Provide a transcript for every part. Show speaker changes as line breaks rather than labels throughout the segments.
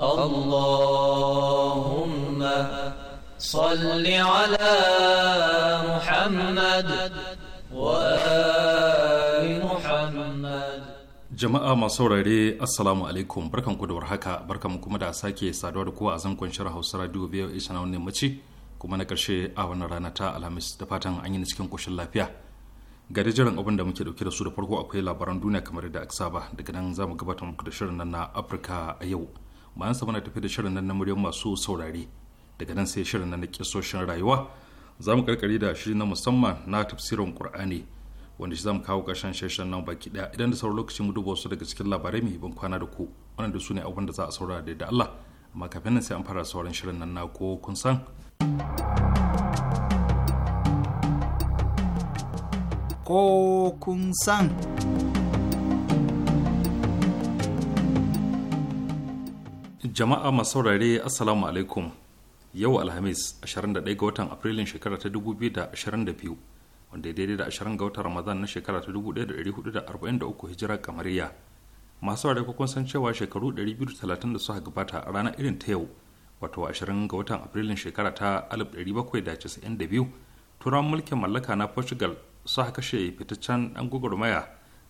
اللهم صل على محمد وآل محمد
jama'a masu saurare assalamu alaikum barkan ku da warhaka barkan kuma da sake saduwa da kowa a zankon hausa radio voa na wannan mace kuma na ƙarshe a wannan rana ta alhamis da fatan an yi cikin koshin lafiya ga jiran abin da muke dauke da su da farko akwai labaran duniya kamar da aka saba daga nan za mu gabatar muku da shirin nan na afirka a yau bayan sa muna tafi da shirin nan na muryar masu saurare daga nan sai shirin nan na kisoshin rayuwa za mu karkare da shirin na musamman na tafsirin qur'ani wanda shi za mu kawo ƙarshen shirin nan baki daya idan da sauran lokaci mu duba wasu daga cikin labarai mai ban kwana da ku da su ne abun da za a saurara da Allah amma kafin nan sai an fara sauran shirin nan na ko kun san
ko kun san
Jama'a masu saurare Assalamu alaikum. Yau Alhamis 21 ga watan Afrilun shekara ta 2022 wanda ya daidai da 20 ga watan Ramadan na shekara ta 1443 hijira kamariya. Masu saurare san cewa shekaru 230 da suka gabata a ranar irin ta yau wato 20 ga watan Afrilun shekara ta 1792 turan mulkin mallaka na Portugal suka kashe fitaccen dan gwagwarmaya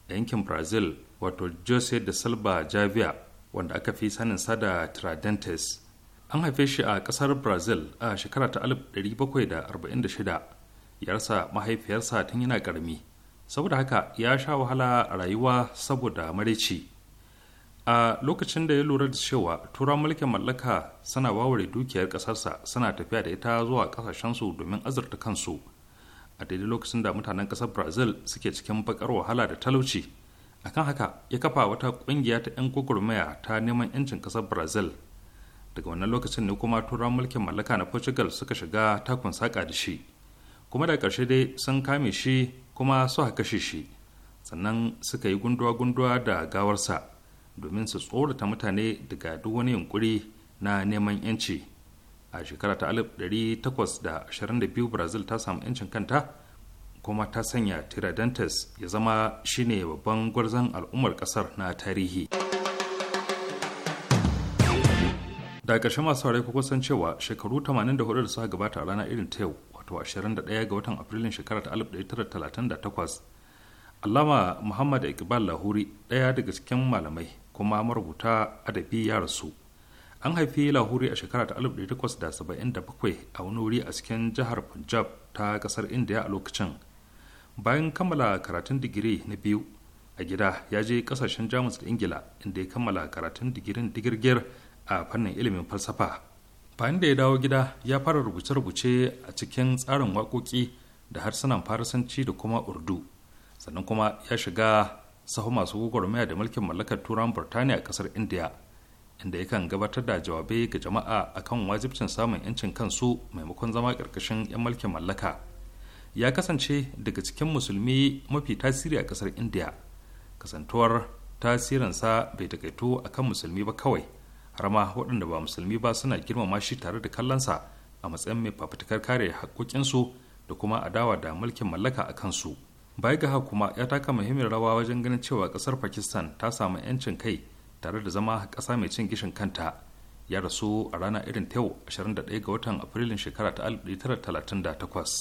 a yankin Brazil wato Jose da salva Javier wanda aka fi sanin sa da tradentes An haife shi a kasar Brazil a shekara ta 1746 ya rasa mahaifiyarsa tun yana ƙarami. Saboda haka ya sha wahala a rayuwa saboda maraici. A lokacin da ya lura da cewa tura mulkin mallaka suna waware dukiyar kasarsa suna tafiya da ita zuwa ƙasashensu domin azurta kansu. a daidai lokacin da mutanen kasar brazil suke cikin bakar wahala da talauci akan haka ya kafa wata kungiya ta 'yan gwagwarmaya ta neman 'yancin kasar brazil daga wannan lokacin ne kuma turawan mulkin mallaka na portugal suka shiga takun saƙa da shi kuma da ƙarshe dai sun kame shi kuma su kashe shi sannan suka yi gunduwa-gunduwa da gawarsa domin su tsorata mutane daga duk wani yunkuri na neman 'yanci a shekara ta 1822 brazil ta samu 'yancin kanta kuma ta sanya tiradentes ya zama shine babban gwarzon al'ummar kasar na tarihi da ƙarshe masu saurari kuka san cewa shekaru 84 da suka gabata a ranar irin ta yau wato 21 ga watan afrilun shekarar 1938 allama muhammad iqbal lahuri ɗaya daga cikin malamai kuma marubuta adabi ya rasu an haifi lahuri a shekara ta 1877 a wani wuri a cikin jihar punjab ta kasar indiya a lokacin bayan kammala karatun digiri na biyu a gida ya je kasashen jamus da ingila inda ya kammala karatun digirin digirgir a fannin ilimin falsafa bayan da ya dawo gida ya fara rubuce-rubuce a cikin tsarin waƙoƙi da harsunan farisanci da kuma urdu sannan kuma ya shiga sahu masu gwagwarmaya da mulkin mallakar turan burtaniya a kasar india inda yakan gabatar da jawabai ga jama'a akan wajibcin samun 'yancin kansu maimakon zama ƙarƙashin 'yan mulkin mallaka ya kasance daga cikin musulmi mafi tasiri a kasar india kasantuwar tasirinsa bai takaito a kan musulmi ba kawai har ma waɗanda ba musulmi ba suna girmama shi tare da kallonsa a matsayin mai fafutukar kare haƙoƙinsu da kuma adawa da mulkin mallaka a kansu baya ga haka kuma ya taka muhimmin rawa wajen ganin cewa ƙasar pakistan ta samu 'yancin kai tare da zama ƙasa mai cin gishin kanta ya rasu a rana irin ta yau 21 ga watan afrilun shekara ta 1938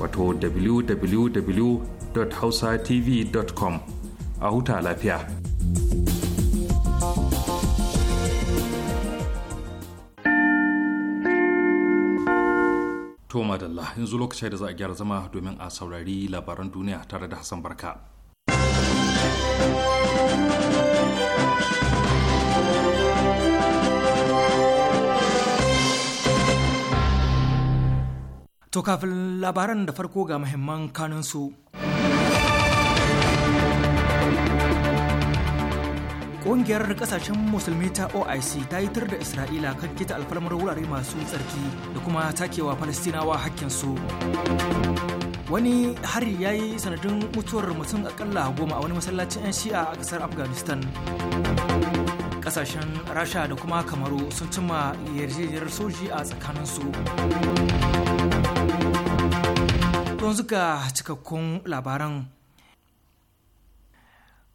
wato www.hausatv.com a huta lafiya. To madalla yanzu lokaci da za a gyara zama domin a saurari labaran duniya tare da Hassan Barka.
To kafin labaran da farko ga muhimman kanunsu. Ƙungiyar ƙasashen musulmi ta OIC ta yi da Isra'ila kan kita alfarmar wurare masu tsarki da kuma takewa Falastinawa hakkinsu. Wani hari ya yi sanadin mutuwar mutum akalla goma a wani masallacin 'yan shi'a a ƙasar Afghanistan. Ƙasashen rasha da kuma kamaru sun cimma yarjejeniyar soji a tsakaninsu yanzu ga cikakkun labaran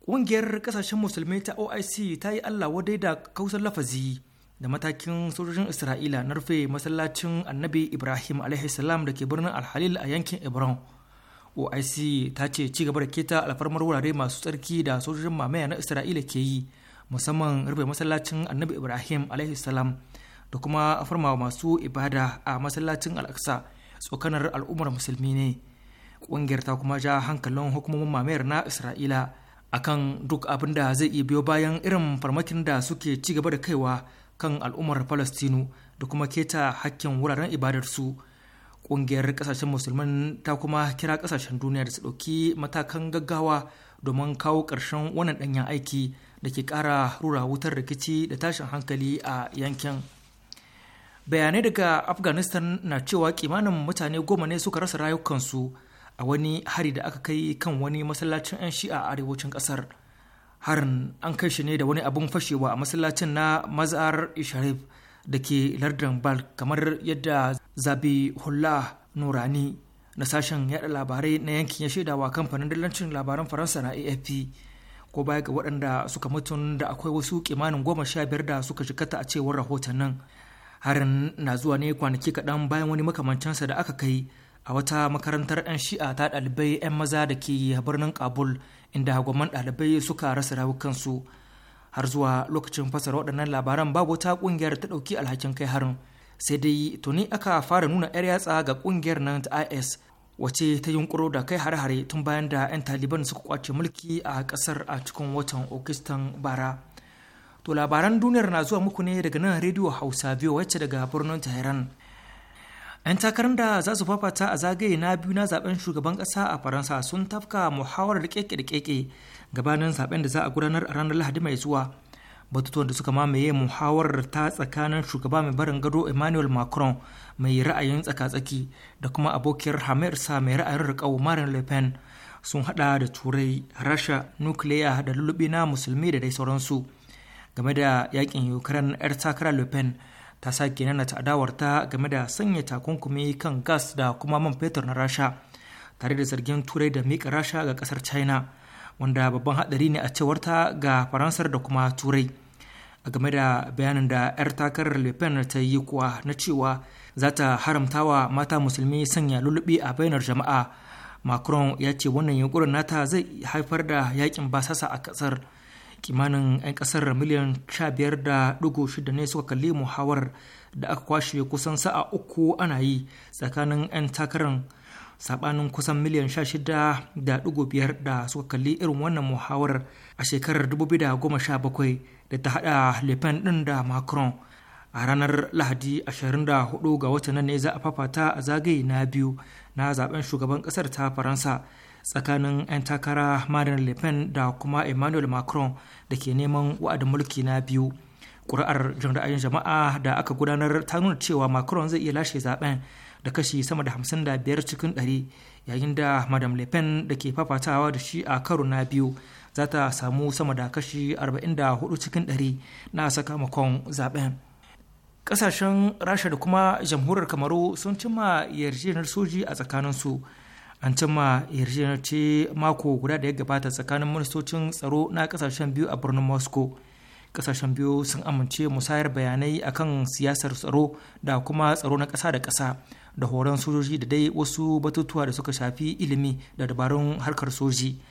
Ƙungiyar ƙasashen musulmi ta OIC ta yi Allah wadai da kausar lafazi da matakin sojojin Isra'ila na rufe masallacin annabi Ibrahim salam da ke birnin Alhalil a yankin ibron OIC ta ce ci gaba da keta alfarmar wurare masu tsarki da sojojin mamaya na Isra'ila ke yi musamman rufe masallacin annabi Ibrahim salam da kuma farmawa masu ibada a masallacin al tsokanar al'ummar musulmi ne ƙungiyar ta kuma ja hankalin hukumomin mamayar na isra'ila akan duk abin da zai iya biyo bayan irin farmakin da suke ci gaba da kaiwa kan al'ummar falastinu da kuma keta hakkin wuraren ibadarsu ƙungiyar ƙasashen musulman ta kuma kira ƙasashen duniya da su ɗauki matakan gaggawa domin kawo ƙarshen wannan ɗanyen aiki da ke ƙara rura wutar rikici da tashin hankali a yankin. bayanai daga afghanistan na cewa kimanin mutane goma ne suka rasa rayukansu a wani hari da aka kai kan wani masallacin 'yan shi'a a arewacin kasar harin an kai shi ne da wani abin fashewa a masallacin na mazar sharif da ke lardin bal kamar yadda zabi hula nurani na sashen yada labarai na yankin ya shaidawa kamfanin dillancin labaran faransa na afp ko baya ga waɗanda suka mutun da akwai wasu kimanin goma sha biyar da suka shikata a cewar rahotannin harin na zuwa ne kwanaki kaɗan bayan wani makamancinsa da aka kai a wata makarantar 'yan shi'a ta ɗalibai 'yan maza da ke birnin kabul inda hagwamman ɗalibai suka rasa rayukansu har zuwa lokacin fasara waɗannan labaran babu wata ƙungiyar ta ɗauki alhakin kai harin sai dai tuni aka fara nuna 'yar yatsa ga ƙungiyar nan ta is wace ta yunkuro da kai hare-hare tun bayan da 'yan taliban suka kwace mulki a ƙasar a cikin watan okistan bara To labaran duniyar na zuwa muku ne daga nan rediyo Hausa biyu wacce daga birnin Tehran. 'Yan takarar da za su fafata a zagaye na biyu na zaben shugaban ƙasa a Faransa sun tafka muhawarar keke da keke gabanin zaben da za a gudanar a ranar Lahadi mai zuwa. Batutuwan da suka mamaye muhawarar ta tsakanin shugaba mai barin gado Emmanuel Macron mai ra'ayin tsaka-tsaki da kuma abokiyar Hamersa mai ra'ayin riƙau Marine Le Pen sun hada da Turai, Rasha, Nukiliya da lullubi na Musulmi da dai sauransu. game da yakin ukraine yar takara le pen ta sake nana ta adawarta game da sanya takunkumi kan gas da kuma man fetur na rasha tare da zargin turai da miƙa rasha ga ƙasar china wanda babban haɗari ne a cewarta ga faransar da kuma turai a game da bayanin da 'yar takarar le pen ta yi kuwa na cewa za ta haramtawa mata musulmi sanya lulubi a bainar jama'a macron ya ce wannan yunkurin nata zai haifar da yakin basasa a ƙasar kimanin 'yan kasar miliyan 15.6 ne suka kalli muhawar da aka kwashe kusan sa'a uku ana yi tsakanin 'yan takarar sabanin kusan miliyan 16.5 da suka kalli irin wannan muhawar a shekarar 2017 da ta hada le din da macron a ranar lahadi 24 ga watan nan ne za a fafata a zagaye na biyu na zaben shugaban kasar ta faransa tsakanin 'yan takara marine le pen da kuma emmanuel macron da ke neman wa'adin mulki na biyu ƙuri'ar jin ra'ayin jama'a da aka gudanar ta nuna cewa macron zai iya lashe zaben da kashi sama da 55 cikin 100 yayin da madam le pen da ke fafatawa da shi a karo na biyu za ta samu sama da kashi 44 cikin 100 na sakamakon zaben kasashen rasha da kuma jamhuriyar kamaru sun cimma yarjejeniyar soji a tsakanin su an cimma yarjejeniyar ce mako guda da ya gabata tsakanin ministocin tsaro na kasashen biyu a birnin moscow kasashen biyu sun amince musayar bayanai akan siyasar tsaro da kuma tsaro na kasa da kasa da horon sojoji da dai wasu batutuwa da suka shafi ilimi da dabarun harkar soji.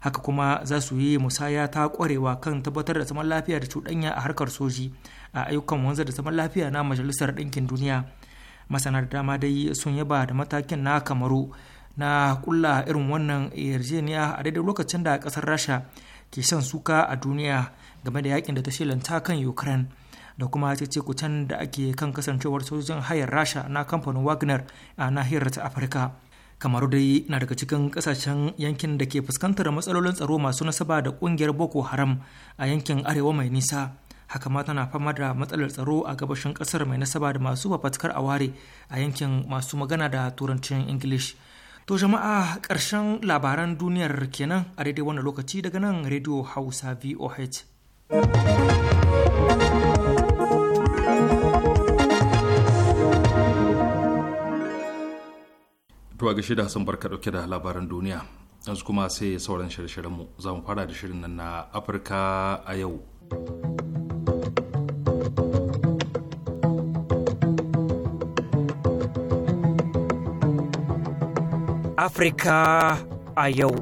haka kuma za su yi musaya ta kwarewa kan tabbatar da zaman lafiya da cuɗanya a harkar soji a ayyukan wanzar da zaman lafiya na majalisar ɗinkin duniya masana da dama dai sun yaba da matakin na kamaru na kulla irin wannan yarjejeniya a daidai lokacin da ƙasar rasha ke shan suka a duniya game da yakin da ta shelanta kan ukraine da kuma ce kucen da ake kan kasancewar sojojin hayar rasha na kamfanin wagner a nahiyar ta afirka kamar dai na daga cikin kasashen yankin da ke fuskantar matsalolin tsaro masu nasaba da kungiyar boko haram a yankin arewa mai nisa haka ma tana fama da matsalar tsaro a gabashin kasar mai nasaba da masu fafatkar ware a yankin masu magana da turancin english to jama'a karshen labaran duniyar kenan a daidai wannan lokaci daga nan radio hausa voh
Tuwa gashi da Hassan barka dauke da labaran duniya. Yanzu kuma sai sauran shirye-shiryenmu za mu fara da shirin nan na Afirka a yau.
Afirka a yau.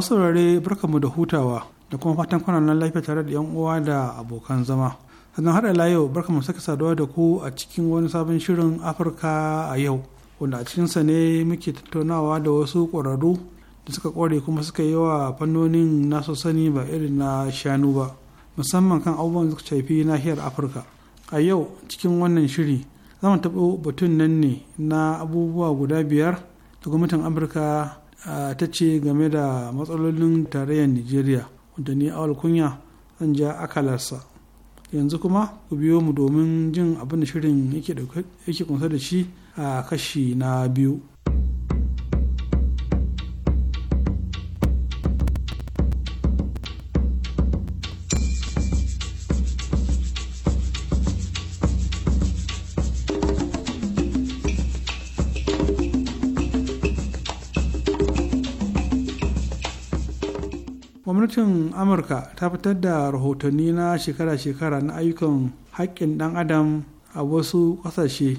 masu saurare barkamu da hutawa da kuma fatan kwanan lafiya tare da 'yan uwa da abokan zama sannan har ila yau barkamu saka saduwa da ku a cikin wani sabon shirin afirka a yau wanda a cikinsa ne muke tattaunawa da wasu ƙwararru da suka ƙware kuma suka yi wa fannonin nasu sani ba irin na shanu ba musamman kan abubuwan da suka shafi nahiyar afirka a yau cikin wannan shiri za mu taɓo batun nan ne na abubuwa guda biyar da gwamnatin amurka ta ce game da matsalolin tarayyar nigeria wanda ni awal kunya zan ja akalarsa yanzu kuma ku biyo mu domin jin abin da shirin yake kunsa da shi a kashi na biyu. gwamnatin amurka ta fitar da rahotanni na shekara-shekara na ayyukan haƙƙin ɗan adam a wasu ƙasashe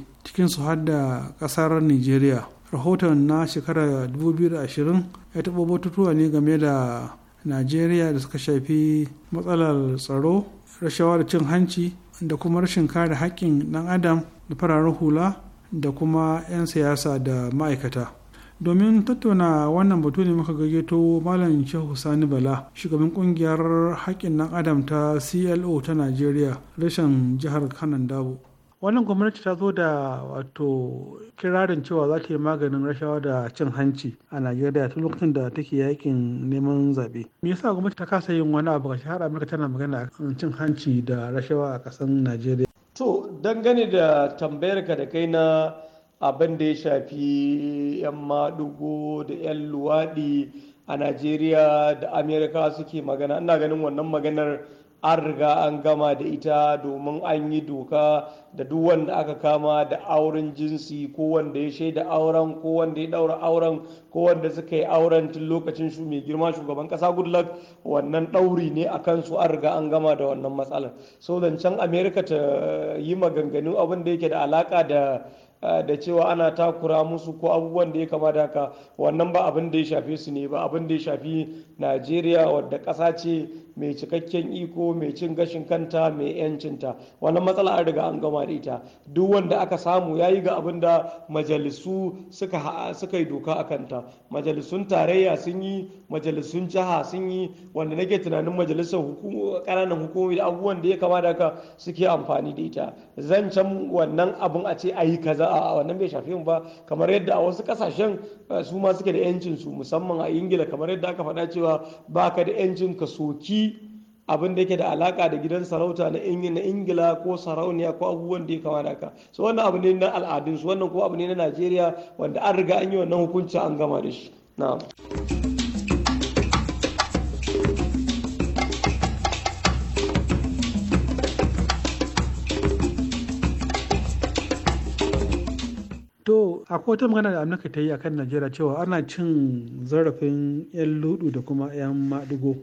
su har da ƙasar nigeria rahoton na shekara 2020 ya taɓa batutuwa ne game da najeriya da suka shafi matsalar tsaro rashawa da cin hanci da kuma rashin kare haƙƙin ɗan adam da fararen hula da kuma 'yan siyasa da ma'aikata domin tattauna wannan batu ne muka gayyato malam shehu sani bala shugaban kungiyar haƙƙin ɗan adam ta clo ta najeriya rashin jihar kanan dabo wannan gwamnati ta zo da wato kirarin cewa za ta yi maganin rashawa da cin hanci a najeriya tun lokacin da take yakin neman zaɓe me yasa gwamnati ta kasa yin wani abu ga har amurka tana magana a cin hanci da rashawa a kasan najeriya to
dangane da tambayarka da kai na abin da ya shafi 'yan maɗugo da 'yan luwaɗi a najeriya da amerika suke magana ina ganin wannan maganar an riga an gama da ita domin an yi doka da duk wanda aka kama da auren jinsi ko wanda ya shaida auren ko wanda ya daura auren ko wanda suka yi auren tun lokacin shu mai girma shugaban kasa goodluck wannan ɗauri ne a kansu an riga an gama da wannan matsalar so zancen Amerika ta yi maganganu abin da yake da alaka da Ah, da cewa ana takura musu ko abubuwan da ya kama da haka wannan ba abin da ya shafe su ne ba abin da ya shafi najeriya wadda ƙasa ce mai cikakken iko mai cin gashin kanta mai yancinta wannan matsala an riga an gama da ita duk wanda aka samu yayi ga abin da majalisu suka suka yi doka a kanta majalisun tarayya sun yi majalisun jiha sun yi wanda nake tunanin majalisar ƙananan hukumomi da abubuwan da ya kama da haka suke amfani da ita Zan can wannan abun a ce a yi kaza a wannan bai shafi mu ba kamar yadda a wasu kasashen eh, su ma suke da yancin su musamman a ingila kamar yadda aka faɗa cewa baka da yancin ka soki abin da yake da alaka da gidan sarauta na ingila ko sarauniya ko abubuwan da ya kama da ka so wannan abu ne na al'adunsu wannan ko abu ne na najeriya wanda an riga an yi wannan hukunci an gama da shi
To a magana da Amurka ta yi a kan Najeriya cewa ana cin zarafin 'yan ludu da kuma 'yan maɗigo.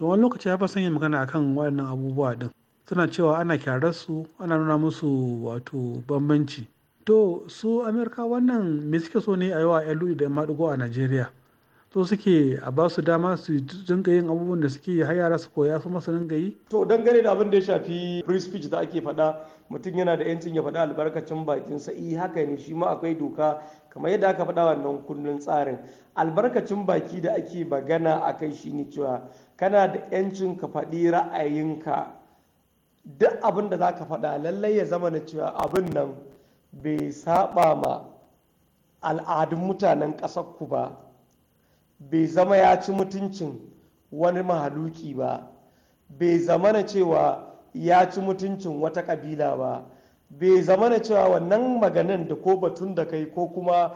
to wani lokaci ya fasan yin magana akan waɗannan abubuwa din suna cewa ana kyarar su ana nuna musu wato bambanci to su amerika wannan me suke so ne a yi yawa lu e da maɗigo a najeriya to suke a ba su dama su dinga yin abubuwan da suke har yara su koya su masu dinga yi
to dangane da abin da ya shafi free speech da ake faɗa mutum yana da yancin ya faɗa albarkacin bakin sa eh, haka ne shi ma akwai doka kamar yadda aka faɗa wannan kullun tsarin albarkacin baki da ake magana a kai shine cewa kana da 'yancin ka faɗi ra'ayinka duk abin da za ka faɗa lallai ya zama na cewa abin nan bai saba ma al'adun mutanen ku ba bai zama ya ci mutuncin wani mahaluki ba bai zama na cewa ya ci mutuncin wata ƙabila ba bai zama na cewa wannan maganin da ko batun da kai ko kuma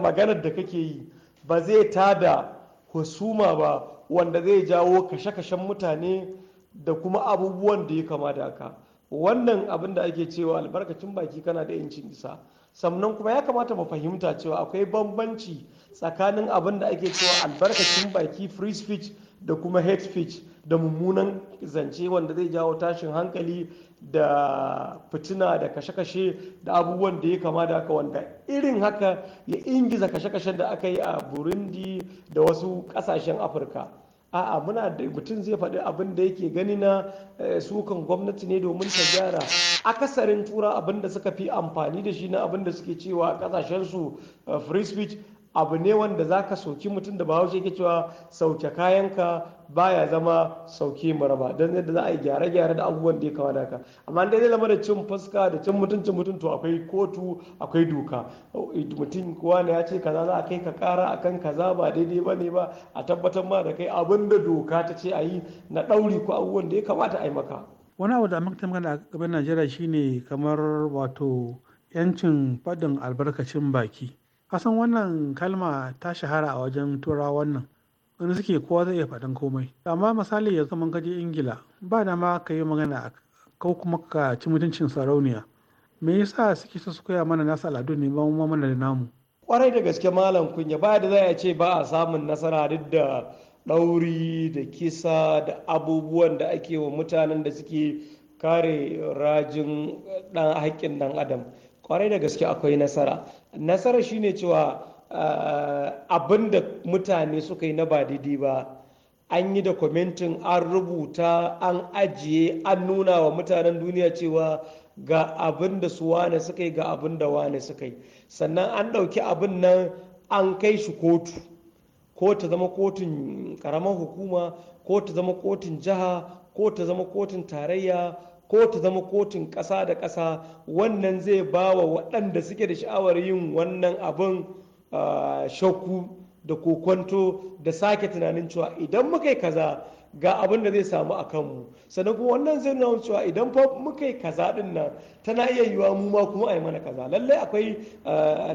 maganar da kake yi ba zai tada husuma ba wanda zai jawo kashe-kashen mutane da kuma abubuwan da ya kama da aka. wannan abin da ake cewa albarkacin baki kana da yancin isa sannan kuma ya kamata mu fahimta cewa akwai bambanci tsakanin abin da ake cewa albarkacin baki free speech da kuma hate speech da mummunan zance wanda zai jawo tashin hankali da fitina da kashe-kashe da abubuwan da ya kama da haka wanda irin haka ya ingiza kashe-kashen da aka yi a burundi da wasu kasashen afirka a'a muna da mutum zai faɗi abin da yake gani na eh, sukan gwamnati ne domin ta gyara akasarin tura abin da suka fi amfani da shi na abin da suke cewa kasashen su eh, free speech abu ne wanda za ka sauki mutum da bahaushe ke cewa sauke kayanka baya zama sauke maraba don yadda za a yi gyare-gyare da abubuwan da ya kawo da amma dai zai zama da cin fuska da cin mutun-cin mutum to akwai kotu akwai doka mutum kowa ne ya ce kaza za a kai ka kara akan kaza ba daidai ba ne ba a tabbatar ma da kai abin da doka ta ce a yi na ɗauri ko abubuwan da ya kamata a yi maka
wani abu da amurka magana a gaban najeriya shine kamar wato yancin faɗin albarkacin baki kasan wannan kalma ta shahara a wajen tura wannan, wani suke kowa zai iya faɗin komai amma misali ya zama kaje ingila ba da ma ka yi magana ko kuma ka ci mutuncin sarauniya me yasa suke so su koya mana nasu al'adu ne ba mu mana da namu kwarai da gaske
malam kunya ba da za a ce ba a samun nasara duk da ɗauri da kisa da abubuwan da ake wa mutanen da suke kare rajin ɗan haƙƙin ɗan adam kwarai da gaske akwai nasara nasara shine cewa eh, abin da mutane suka yi na ba daidai ba an yi da kwamentin an rubuta an ajiye an nuna wa mutanen duniya cewa ga abin da su wane suka yi ga abin da wane suka yi sannan an ɗauki abin nan an kai shi kotu ko ta zama kotun karamar hukuma ko ta zama kotun jiha ko ta zama kotun tarayya ko ta zama kotun ƙasa da ƙasa wannan zai ba wa waɗanda suke da sha'awar yin wannan abin shakku da kokwanto da sake tunanin cewa idan muka yi kaza ga abin da zai samu a kanmu sannan kuma wannan zai nuna cewa idan fa muka yi kaza din nan tana iya yiwa mu ma kuma a yi mana kaza lallai akwai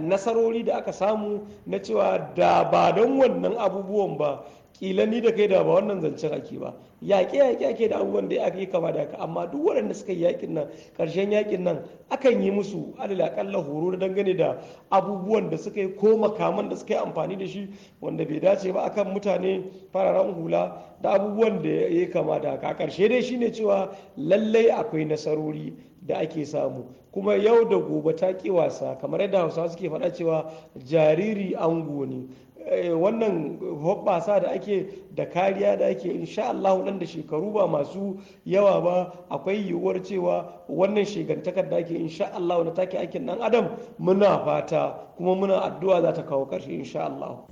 nasarori da aka samu na cewa da ba don wannan abubuwan ba kila ni da kai da ba wannan zancen ake ba yaƙe yaƙe ake da abubuwan da aka yi kama da haka amma duk waɗanda suka yi yaƙin nan ƙarshen yaƙin nan akan yi musu alal aƙalla horo da dangane da abubuwan da suka yi ko makaman da suka yi amfani da shi wanda bai dace ba akan mutane fararen hula da abubuwan da ya yi kama da haka ƙarshe dai shine cewa lallai akwai nasarori da ake samu kuma yau da gobe ta ƙi wasa kamar yadda hausawa suke faɗa cewa jariri ango ne Eh, wannan hoɓɓasa da ake da kariya da ake insha Allah nan da shekaru ba masu yawa ba akwai yiwuwar cewa wannan shegantakar da ake insha Allah na take aikin dan adam muna fata kuma muna addu'a za ta kawo ƙarshe insha Allah.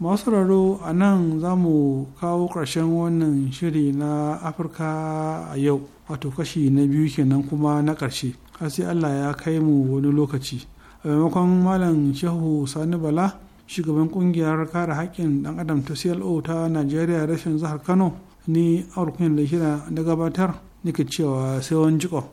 masu raro a nan za mu kawo ƙarshen wannan shiri na afirka a yau wato kashi na biyu kenan kuma na ƙarshe har sai allah ya kai mu wani lokaci a maimakon malam shehu sani bala shugaban kungiyar kare haƙƙin ɗan adam ta clo ta najeriya rashin zahar kano ni aurkun da na gabatar nake cewa sai wani jiko.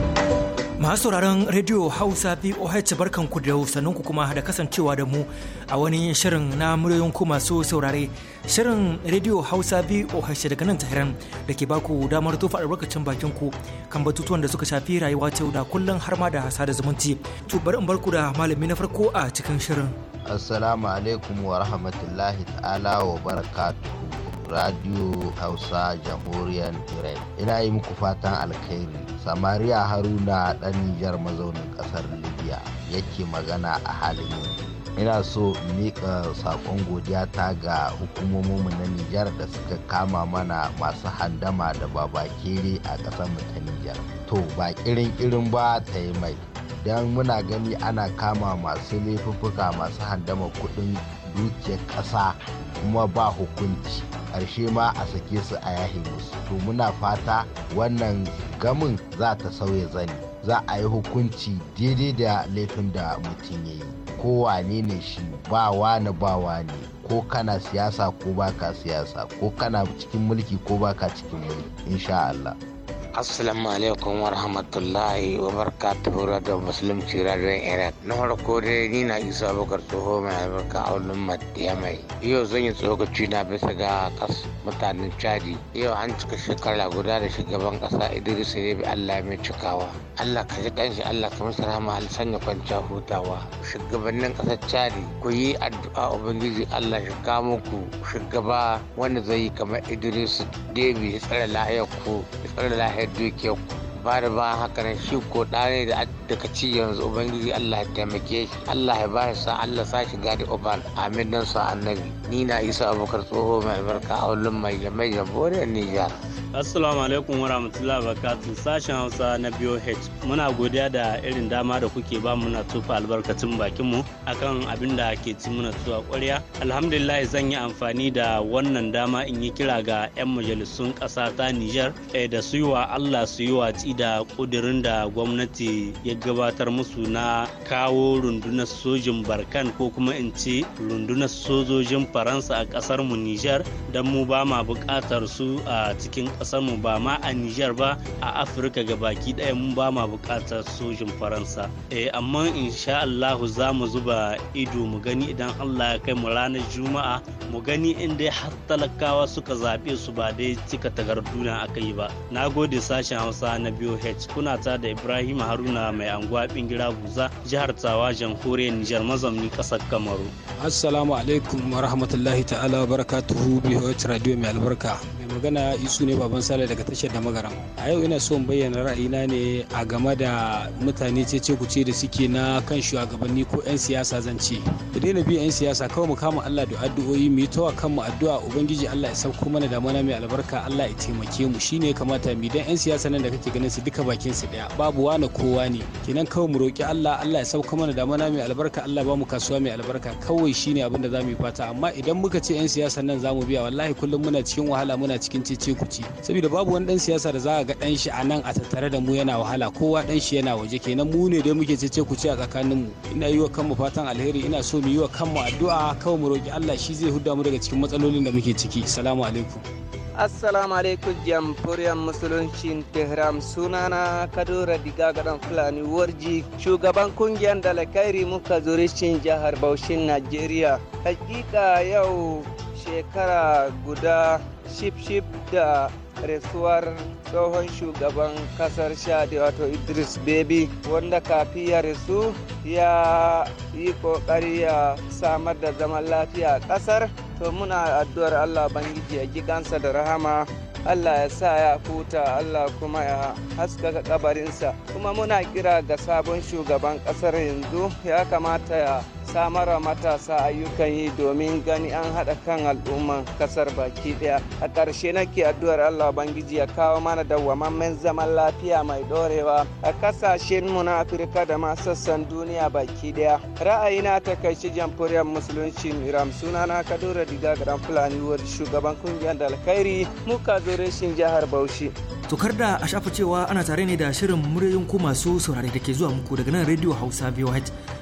Masu sauraron Radio Hausa VOH barkanku da ku kuma da kasancewa da mu a wani shirin na muryoyin ku masu saurare. Shirin rediyo Hausa boh daga nan Tahiran da ke baku damar tofa albarkacin bakin ku kan batutuwan da suka shafi rayuwa ta da kullum har ma da hasa da zumunci. To bari in barku da malami na farko a cikin shirin.
Assalamu alaikum wa rahmatullahi ta'ala wa barakatuhu. radio hausa jamhuriyar iran ina yi muku fatan alkhairi samariya haruna dan nijar mazaunin kasar libya yake magana a halin yanzu ina so miƙa sakon godiya ga hukumominmu na Nijar da suka kama mana masu handama da babakere a ƙasarmu ta Nijar. To ba irin irin ba ta yi mai. Don muna gani ana kama masu laifuffuka masu handama kuɗin duke ƙasa kuma ba hukunci ƙarshe ma a sake su a yahe musu to muna fata wannan gamin za ta sauya zani za a yi hukunci daidai da laifin da mutum ya yi kowane ne shi ba wani ba wane ko kana siyasa ko baka siyasa ko kana cikin mulki ko baka cikin mulki insha Allah assalamu alaikum wa rahmatullahi wa barakatuhu da musulunci radiyon iran na farko dai ni na isa bakar tsoho mai albarka a wani matiya mai yau zan yi tsokaci na bisa ga kas mutanen chadi yau an cika shekara guda da shugaban kasa idris bi allah mai cikawa allah ka ji kanshi allah ka masa rahama al sanya kwanciya hutawa shugabannin kasar chadi ku yi addu'a ubangiji allah shi kamo muku shugaba wanda zai yi kamar idris debi ya tsara lahiyar ku é de que ba da ba haka na shi ko ne da daga ci yanzu ubangiji Allah ya taimake shi Allah ya ba shi sa Allah sa shi gadi obal amin nan sa annabi ni na isa abokan tsoho mai albarka a wulin mai jamai a Nijar.
Assalamu alaikum wa rahmatullahi wa barakatu. sashen Hausa na BOH muna godiya da irin dama da kuke ba na tufa albarkacin bakin mu akan abin da ke ci muna tuwa ƙwarya alhamdulillah zan yi amfani da wannan dama in yi kira ga 'yan majalisun ƙasa ta Nijar eh, da su yi wa Allah su yi wa ci watsi da ƙudurin da gwamnati ya gabatar musu na kawo rundunar sojin barkan ko kuma in ce rundunar sojojin faransa a ƙasar mu nijar don mu ba ma buƙatar su a cikin ƙasar mu ba ma a nijar ba a afirka ga baki ɗaya mu ba ma buƙatar sojin faransa eh, amma insha allahu za mu zuba ido mu gani idan allah ya kai mu ranar juma'a mu gani inda har talakawa suka zaɓe su ba dai cika takarduna aka yi ba na gode sashen hausa na BOH kuna ta da Ibrahim Haruna mai anguwa bingira Buza jihar Tsawa jamhuriyar Nijar mazamni kasar Kamaru.
Assalamu alaikum wa rahmatullahi ta'ala wa barakatuhu BOH radio mai albarka. Mai magana isu ne baban sale daga tashar da magaram. A yau ina so in bayyana ra'ayina ne a game da mutane ce kuce da suke na kan shugabanni ko 'yan siyasa zance Ku daina biyan 'yan siyasa kawai mu kama Allah da addu'o'i mu yi tawa kanmu addu'a ubangiji Allah ya sauko mana da mana mai albarka Allah ya taimake mu shine kamata mu dan 'yan siyasa nan da kake ganin su duka bakin su daya babu wani kowa ne kenan kawai mu roki Allah Allah ya sauka mana da mana mai albarka Allah ba mu kasuwa mai albarka kawai shine abin da za mu yi fata amma idan muka ce yan siyasa nan za mu biya wallahi kullum muna cikin wahala muna cikin cece kuci saboda babu wani dan siyasa da za ga dan shi a nan a tattare da mu yana wahala kowa dan shi yana waje kenan mu ne dai muke cece kuci a tsakanin mu ina yi wa kanmu fatan alheri ina so mu yi wa kanmu addu'a kawai mu roki Allah shi zai huda mu daga cikin matsalolin da muke ciki salamu alaikum
assalamu alaikum jamhuriyar musuluncin tehran sunana kadura diga gadan fulani warji shugaban kungiyar dalakairi muka zuricin jihar baushin najeriya hakika yau shekara guda ship-ship da rasuwar tsohon shugaban kasar shadi wato idris Bebi, wanda kafi ya resu ya yi kokari ya samar da zaman lafiya a kasar to muna addu'ar allah bangiji ya gigansa da rahama Allah ya sa ya huta Allah kuma ya haskaka kabarinsa kuma muna kira ga sabon shugaban kasar yanzu ya kamata ya wa matasa ayyukan yi domin gani an haɗa kan al'umman kasar baki ɗaya a ƙarshe nake addu'ar allah bangiji ya kawo mana dawwamammen zaman lafiya mai ɗorewa a ƙasashen mu na afirka da ma sassan duniya baki ɗaya ra'ayina takaici jamhuriyar musulunci iram sunana kadura diga garan fulani ward shugaban kungiyar da alkhairi muka zo reshin jihar bauchi
tokar da a shafa cewa ana tare ne da shirin muryoyin ku masu saurari da ke zuwa muku daga nan rediyo hausa voh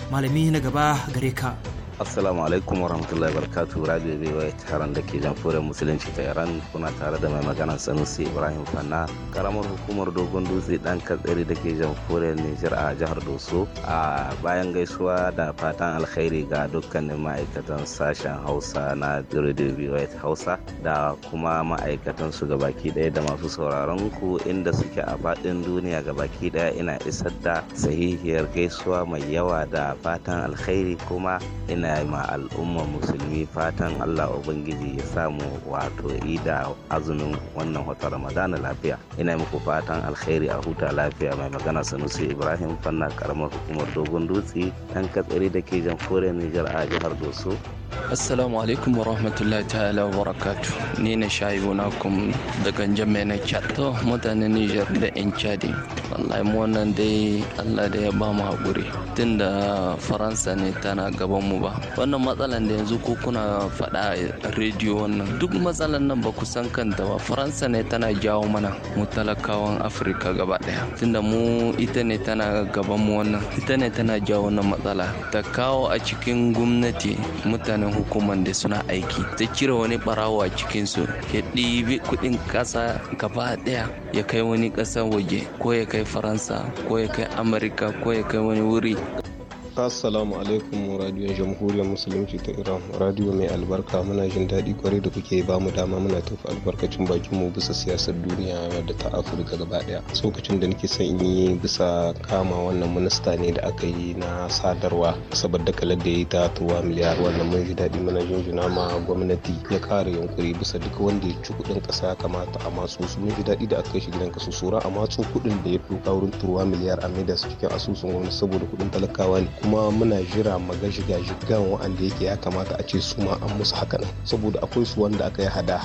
malami na gaba ga Rekha
assalamu alaikum warahmatullahi wabarakatuh radio bai taron da ke jamhuriyar musulunci ta iran kuna tare da mai magana sanusi ibrahim fanna karamar hukumar dogon dutse dan katsari da ke jamhuriyar nijar a jihar doso a bayan gaisuwa da fatan alkhairi ga dukkanin ma'aikatan sashen hausa na radio bai hausa da kuma ma'aikatan su gabaki daya da masu sauraron ku inda suke a faɗin duniya gabaki daya ina isar da sahihiyar gaisuwa mai yawa da fatan alkhairi kuma ina ina yi ma al'umma musulmi fatan allah ubangiji ya samu wato ida azumin wannan wata ramadana lafiya ina muku fatan alkhairi a huta lafiya mai magana sanusi ibrahim fanna karamar hukumar dogon dutse ɗan katsiri da ke jamhuriyar nijar a jihar doso assalamu
alaikum wa rahmatullahi ta'ala wa barakatu ni na shayu na kum daga jami'a na chad
to mutanen niger da yan chadi wallahi mu wannan dai allah da ya ba mu haƙuri tun da faransa ne tana gaban mu ba wannan matsalan da yanzu ko kuna
faɗa rediyo wannan duk matsalan nan ba ku san kanta ba faransa ne tana jawo
mana mu talakawan afirka gaba ɗaya tun da mu ita ne tana gaban mu wannan ita ne tana jawo wannan matsala ta kawo a cikin gwamnati mutane mutanen hukumar da
suna aiki ta cire wani barawo a cikinsu ya ɗibi kuɗin ƙasa gaba ɗaya ya kai wani ƙasar waje ko ya kai faransa ko ya kai amurka ko ya kai wani wuri
assalamu alaikum radiyon jamhuriyar musulunci ta iran radiyo mai albarka muna jin daɗi kwarai da kuke ba mu dama muna tafi albarkacin bakin mu bisa siyasar duniya da ta afirka gaba ɗaya tsokacin da nake son yi bisa kama wannan minista ne da aka yi na sadarwa saboda kalar da ya yi ta tuwa miliyar wannan mun ji daɗi muna jinjina ma gwamnati ya kare yunkuri bisa duk wanda ya ci kuɗin ƙasa ya kamata a matso su mun ji daɗi da aka kai shi gidan kasu sura a matso kuɗin da ya fi wurin turwa miliyar a da su cikin asusun gwamnati saboda kuɗin talakawa ne kuma muna jira maga ga shigan wanda yake ya kamata a ce su ma an musu haka nan saboda akwai su wanda aka yi hada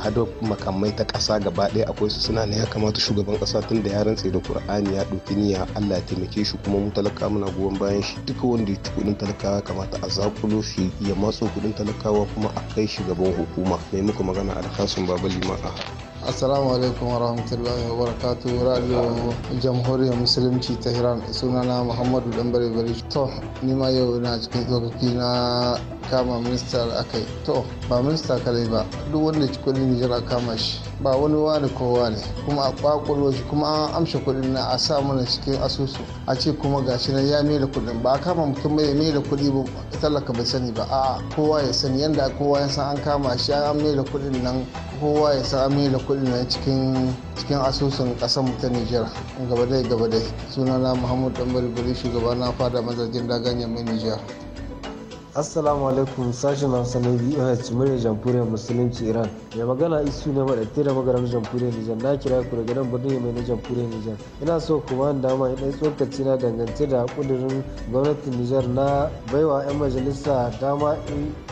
hada makamai ta ƙasa gaba ɗaya akwai su suna ne ya kamata shugaban kasa tun da ya rantse da Kur'ani ya ɗauki niyya Allah ya taimake shi kuma mu talaka muna goyon bayan shi duka wanda ya ci kuɗin talakawa kamata a zakulo shi ya matso kuɗin talakawa kuma a kai shi gaban hukuma mai muku magana alkasun baba lima a
assalamu alaikum wa rahmatullahi wa barakatu radio jamhuriyar musulunci ta iran sunana muhammadu dan bari. bare to ni ma yau na cikin tsofaffi na kama minista akai to ba minista kalai ba duk wanda kudin nijar a kama shi ba wani wani kowa ne kuma a kwakwalo shi kuma an amshe kudin na a sa mana cikin asusu a ce kuma gashi na ya mai da kudin ba a kama mutum mai mai da kudi ba talaka bai sani ba a kowa ya sani yanda kowa ya san an kama shi an mai da kudin nan kowa ya san an mai da kudin kudi na cikin asusun ƙasar mu ta Nijar gaba dai gaba dai sunana muhammadu Dambari Bari shugaba na fada mazajin daganya mai Nijar. assalamu alaikum sashen hausa na voh murya jamhuriyar musulunci iran mai magana isu ne maɗaɗe da magaram jamhuriyar nijar na kira ku daga nan birnin mai na jamhuriyar nijar ina so kuma dama ya ɗan tsokaci na dangance da ƙudurin gwamnatin nijar na baiwa 'yan majalisa dama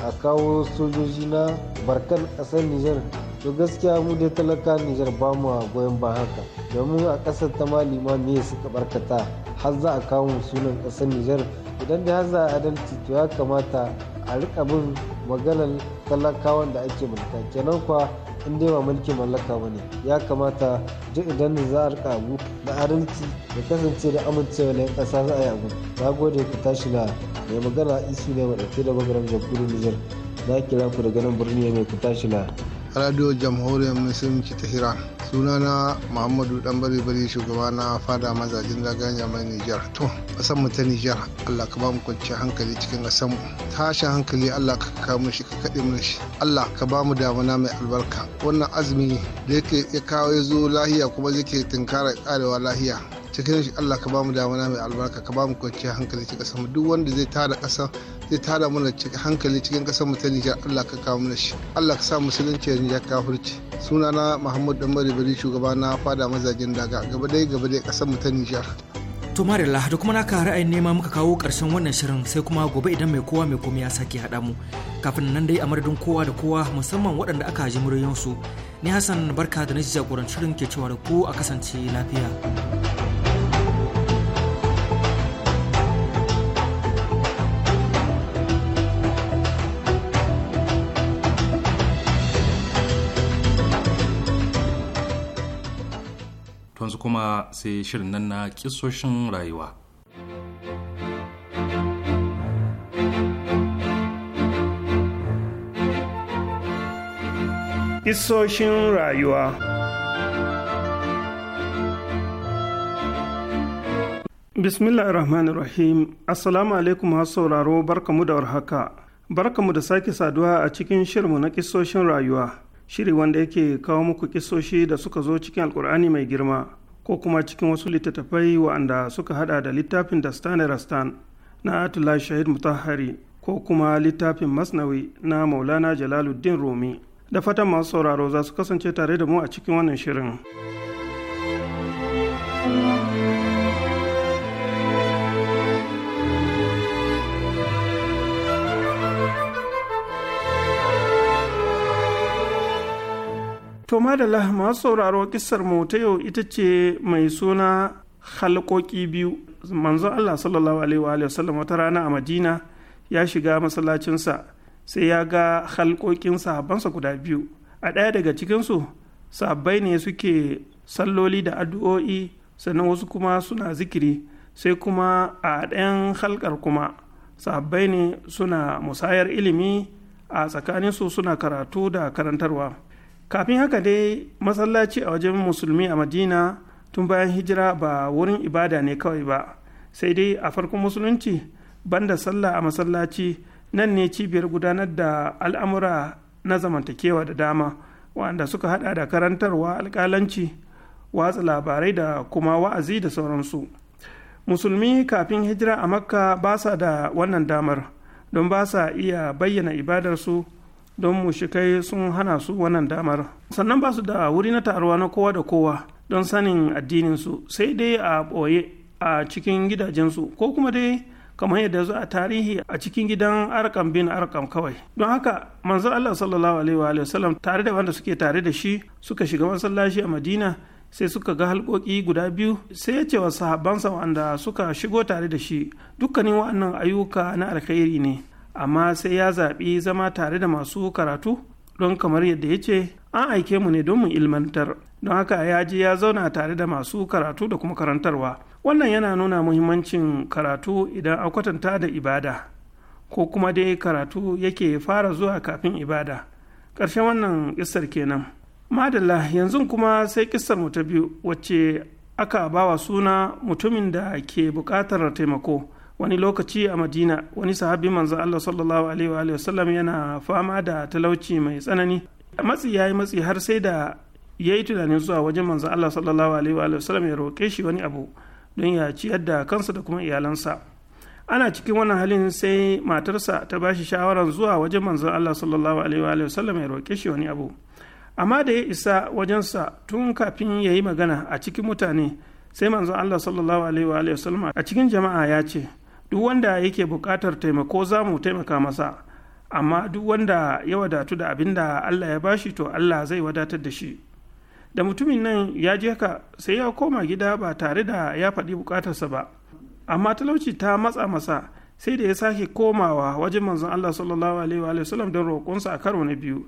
a kawo sojoji na barkan ƙasar nijar to gaskiya mu dai talaka nijar ba mu goyon ba haka domin a ƙasar ta malima me suka barkata har za a kawo sunan ƙasar nijar idan da za adalci to ya kamata a rika bin maganar talakawan da ake mulka kenan kuwa in dai ba mulkin mallaka ba ne ya kamata duk idan da za a rika abu na adalci da kasance da amincewa na kasa za a yi abu na gode ku tashi na mai magana isu ne maɗauke da magaran jamhuriyar nijar na kira ku daga nan birni mai ku tashi na radio jamhuriyar musulunci ta suna sunana muhammadu dan bari shugaba na fada mazajin zagayen mai nijar to kasan mu ta nijar allah ka ba mu kwanciyar hankali cikin kasan mu tashin hankali allah ka kaka mu shi ka kaɗe mu shi allah ka ba mu damuna mai albarka wannan azumi da yake ya kawo ya zo lahiya kuma zai ke tinkara karewa lahiya ta kiran shi Allah ka ba mu damana mai albarka ka ba mu kwanciyar hankali cikin ƙasar mu duk wanda zai tada ƙasa zai tada mana hankali cikin ƙasar mu ta Nijar Allah ka kawo mana shi Allah ka sa musulunci ya Nijar kafirci sunana Muhammad Dambari Bari shugaba na fada mazajen daga gaba dai gaba dai ƙasar mu ta Nijar
To Marilla da kuma naka ra'ayin nema muka kawo ƙarshen wannan shirin sai kuma gobe idan mai kowa mai komai ya sake haɗa mu. Kafin nan dai a madadin kowa da kowa musamman waɗanda aka ji muryansu. Ni Hassan barka da na jagorancin shirin ke cewa da ku a kasance lafiya.
kuma sai shirin nan na kisoshin rayuwa.
Kisoshin rayuwa Bismillahir Rahmanir Rahim Assalamu alaikum sauraro barkamu da warhaka barkamu da sake saduwa a cikin shirmu na kisoshin rayuwa shiri wanda yake kawo muku kisoshi da suka zo cikin alkur'ani mai girma ko kuma cikin wasu littattafai waɗanda suka hada da littafin da rastan na atula shahid mutahari ko kuma littafin masnawi na maulana jalaluddin rumi da fatan masu sauraro za su kasance tare da mu a cikin wannan shirin. to madalla masu sauraro kisar mu yau ita ce mai suna halƙoƙi biyu manzo Allah sallallahu alaihi wa wata rana a Madina ya shiga masallacinsa sai ya ga halƙoƙin sahabansa guda biyu a ɗaya daga cikinsu sahabbai ne suke salloli da addu'o'i sannan wasu kuma suna zikiri sai kuma a ɗayan halkar kuma sahabbai ne suna musayar ilimi a tsakaninsu suna karatu da karantarwa kafin haka dai masallaci a wajen musulmi a madina tun bayan hijira ba wurin ibada ne kawai ba sai dai a farkon musulunci banda sallah a masallaci nan ne cibiyar gudanar da al'amura na zamantakewa da dama wanda suka hada da karantarwa alkalanci watsa labarai da kuma wa'azi da sauransu musulmi kafin hijira a makka ba sa da wannan damar don ba sa iya bayyana ibadarsu don mushikai sun hana su wannan damar sannan ba su da wuri na taruwa na kowa da kowa don sanin addininsu sai dai a ɓoye a cikin gidajensu ko kuma dai kamar yadda zuwa a tarihi a cikin gidan arkam bin arkam kawai don haka manzo Allah sallallahu alaihi wa sallam tare da wanda suke tare da shi suka shiga masallaci a Madina sai suka ga halƙoƙi guda biyu sai ya ce wa sahabbansa wanda suka shigo tare da shi dukkanin wa'annan ayyuka na alkhairi ne amma sai ya zaɓi zama tare da masu karatu don kamar yadda ya ce an aike mu ne don mu ilmantar don haka ya ji ya zauna tare da masu karatu da kuma karantarwa wannan yana nuna muhimmancin karatu idan a kwatanta da ibada ko kuma dai karatu yake fara zuwa kafin ibada ƙarshen wannan ƙisar kenan madalla yanzu kuma sai ƙisar mu ta biyu wacce aka bawa suna mutumin da ke buƙatar taimako wani lokaci a madina wani sahabi manzo allah sallallahu alaihi wasallam yana fama da talauci mai tsanani matsi ya yi matsi har sai da ya yi tunanin zuwa wajen manzo allah sallallahu alaihi wasallam ya roƙe shi wani abu don ya ciyar da kansa da kuma iyalansa ana cikin wannan halin sai matarsa ta ba shi zuwa wajen manzo Allah sallallahu alaihi wa sallam ya roƙe shi wani abu amma da ya isa wajensa tun kafin ya yi magana a cikin mutane sai manzo Allah sallallahu alaihi wa sallam a cikin jama'a ya ce duk wanda yake buƙatar taimako za mu taimaka masa amma duk wanda ya wadatu da abin da Allah ya bashi to Allah zai wadatar da shi da mutumin nan ya je ka sai ya koma gida ba tare da ya faɗi buƙatarsa ba amma talauci ta matsa masa sai da ya sake komawa wajen manzon Allah sallallahu alaihi wa sallam don roƙonsa a karo na biyu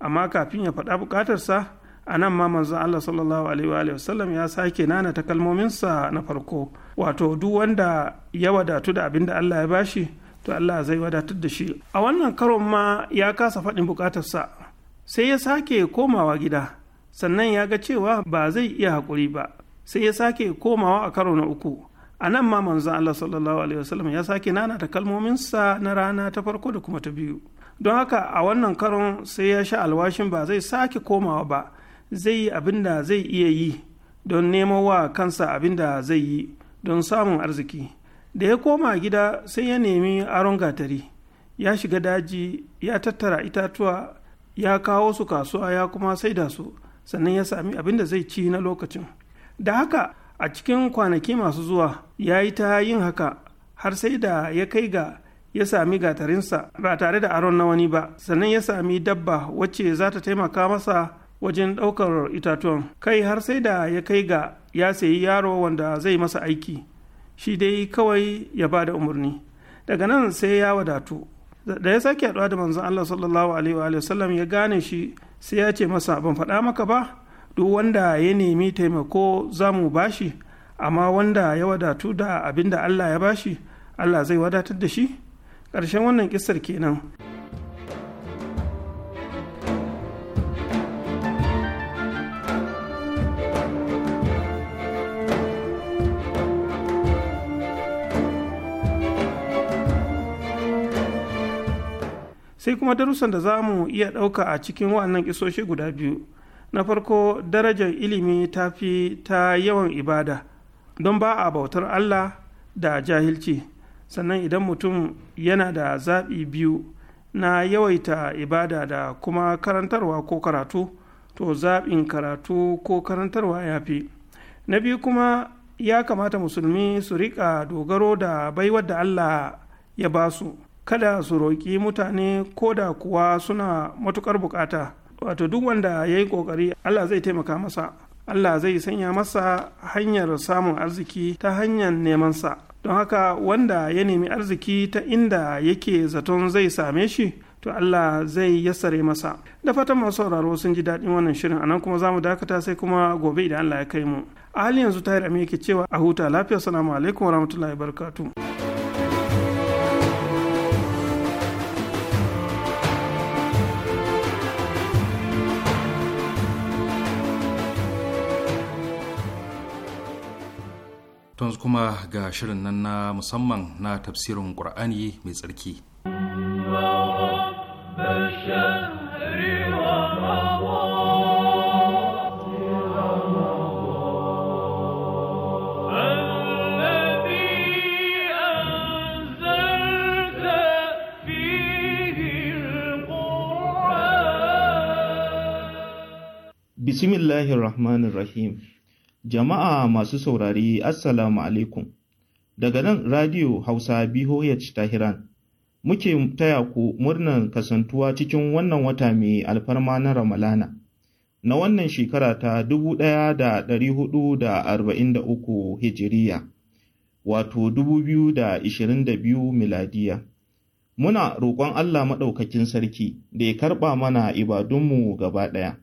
amma kafin ya faɗa buƙatarsa. a nan ma manzon Allah sallallahu alaihi wa sallam ya sake nana ta kalmominsa na farko wato duk wanda ya wadatu da abin da Allah ya bashi to Allah zai wadatar da shi a wannan karon ma ya kasa faɗin bukatarsa sai ya sake komawa gida sannan ya ga cewa ba zai iya hakuri ba sai ya sake komawa a karo na uku a nan ma manzon Allah sallallahu alaihi wasallam ya sake nana ta kalmominsa na rana ta farko da kuma ta biyu don haka a wannan karon sai ya sha alwashin ba zai sake komawa ba zai yi abin da zai iya yi don nemo wa kansa abin da zai yi don samun arziki da ya koma gida sai ya nemi aron gatari ya shiga daji ya tattara itatuwa ya kawo su kasuwa ya kuma saida su sannan ya sami abin da zai ci na lokacin da haka a cikin kwanaki masu zuwa ya yi ta yin haka har sai da ya kai ga ya sami gatarinsa ba tare da aron na wani ba sannan ya sami dabba wacce za ta taimaka masa wajen ɗaukar itatuwan kai har sai da ya kai ga ya sayi yaro wanda zai masa aiki shi dai kawai ya ba da umarni daga nan sai ya wadatu da ya sake haɗuwa da manzon Allah sallallahu alaihi wa sallam ya gane shi sai ya ce masa ban faɗa maka ba duk wanda ya nemi taimako za mu bashi amma wanda ya wadatu da abin da Allah ya bashi Allah zai wadatar da shi ƙarshen wannan kisar kenan. sai kuma darussan da za mu iya ɗauka a cikin wa'annan isoshi guda biyu na farko darajar ilimi ta fi ta yawan ibada don ba a bautar allah da jahilci sannan idan mutum yana da zaɓi biyu na yawaita ibada da kuma karantarwa ko karatu to zaɓin karatu ko karantarwa ya fi na biyu kuma ya kamata musulmi su riƙa dogaro da baiwar da allah ya ba su kada su roƙi mutane ko da kuwa suna matuƙar buƙata wato duk wanda ya yi ƙoƙari allah zai taimaka masa allah zai sanya masa hanyar samun arziki ta hanyar nemansa don haka wanda ya nemi arziki ta inda yake zaton zai same shi to Allah zai yassare masa da fatan masu sauraro sun ji daɗin wannan shirin anan kuma za mu dakata sai kuma gobe idan Allah ya kai mu a halin yanzu tahir yake cewa a huta lafiya salamu alaikum warahmatullahi wabarakatuh
tun kuma ga shirin nan na musamman na tafsirin ƙur'ani mai tsarki.
Bismillahirrahmanirrahim. Jama'a masu saurari Assalamu alaikum. Daga nan Radio Hausa BOH Tahiran, muke taya ku murnar kasantuwa cikin wannan wata mai alfarma na Ramalana, na wannan shekara ta 1443 Hijiriya, wato 2022 Miladiya. Muna roƙon Allah Maɗaukakin Sarki da ya karɓa mana ibadunmu gaba ɗaya.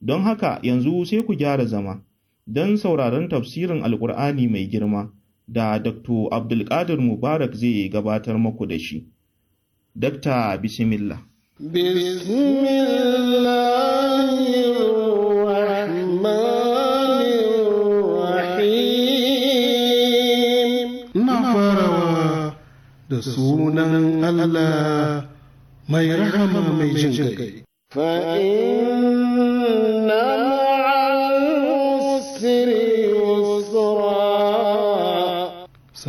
Don haka yanzu sai ku gyara zama. don sauraron tafsirin Alƙur'ani mai girma da Dr. Abdulkadir Mubarak zai gabatar maku da shi. dr Bismillah.
da sunan Allah mai rahama mai jin
kai.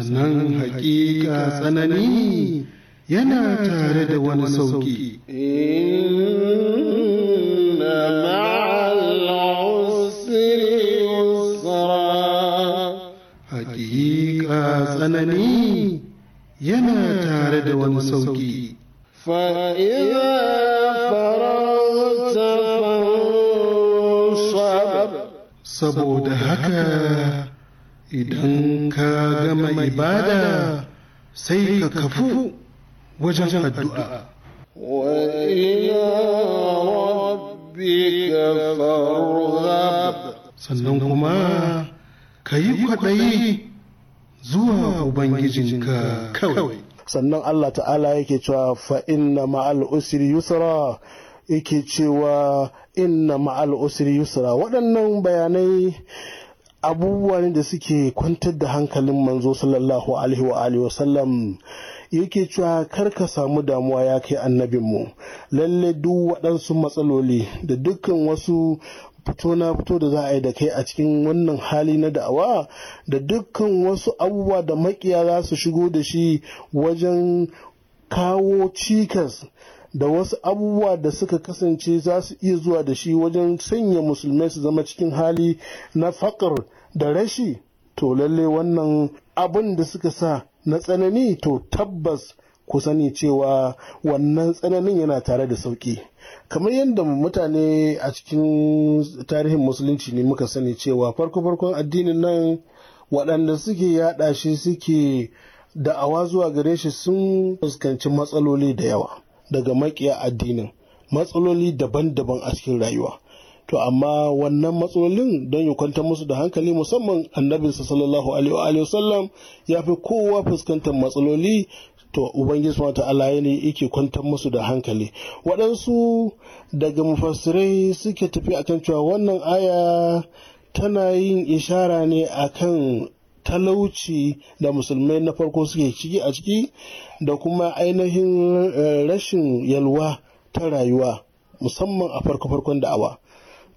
sannan hakika tsanani yana tare da wani sauki hakika tsanani yana tare da wani sauki فإذا فرغت فانصب saboda haka idan ka gama ibada sai ka kafu wajen addu'a sannan kuma ka yi kwaɗayi zuwa ubangijinka kawai sannan Allah ta'ala yake cewa fa inna ma'al usri yusra yake cewa inna ma'al usri yusra waɗannan bayanai abubuwa ne da suke kwantar da hankalin manzo sallallahu alaihi wa alihi wa sallam yake cewa kar ka samu damuwa ya kai annabin mu?' lalle duk waɗansu matsaloli da dukkan wasu fito na fito da za a yi da kai a cikin wannan hali na da'awa da dukkan wasu abubuwa da makiya za su shigo da shi wajen kawo cikas da wasu abubuwa da suka kasance za su iya zuwa da shi wajen sanya musulmai su zama cikin hali na fakar da rashi to lalle wannan abin da suka sa na tsanani to tabbas ku sani cewa wannan tsananin yana tare da sauƙi kamar yadda mutane a cikin tarihin musulunci ne muka sani cewa farko-farkon addinin nan waɗanda suke yaɗa shi suke da'awa zuwa gare shi sun fuskanci matsaloli da yawa daga makiya addinin matsaloli daban-daban a cikin rayuwa to amma wannan matsalolin don ya kwanta musu da hankali musamman annabinsa sallallahu alaihi wasallam ya fi kowa fuskantar matsaloli to ubangiji subhanahu ta'ala ne yake kwanta musu da hankali waɗansu daga mufassirai suke tafi akan cewa wannan aya tana yin ishara ne akan talauci da musulmai na farko suke ciki a ciki da kuma ainihin eh, rashin yalwa ta rayuwa musamman a farko-farkon da'awa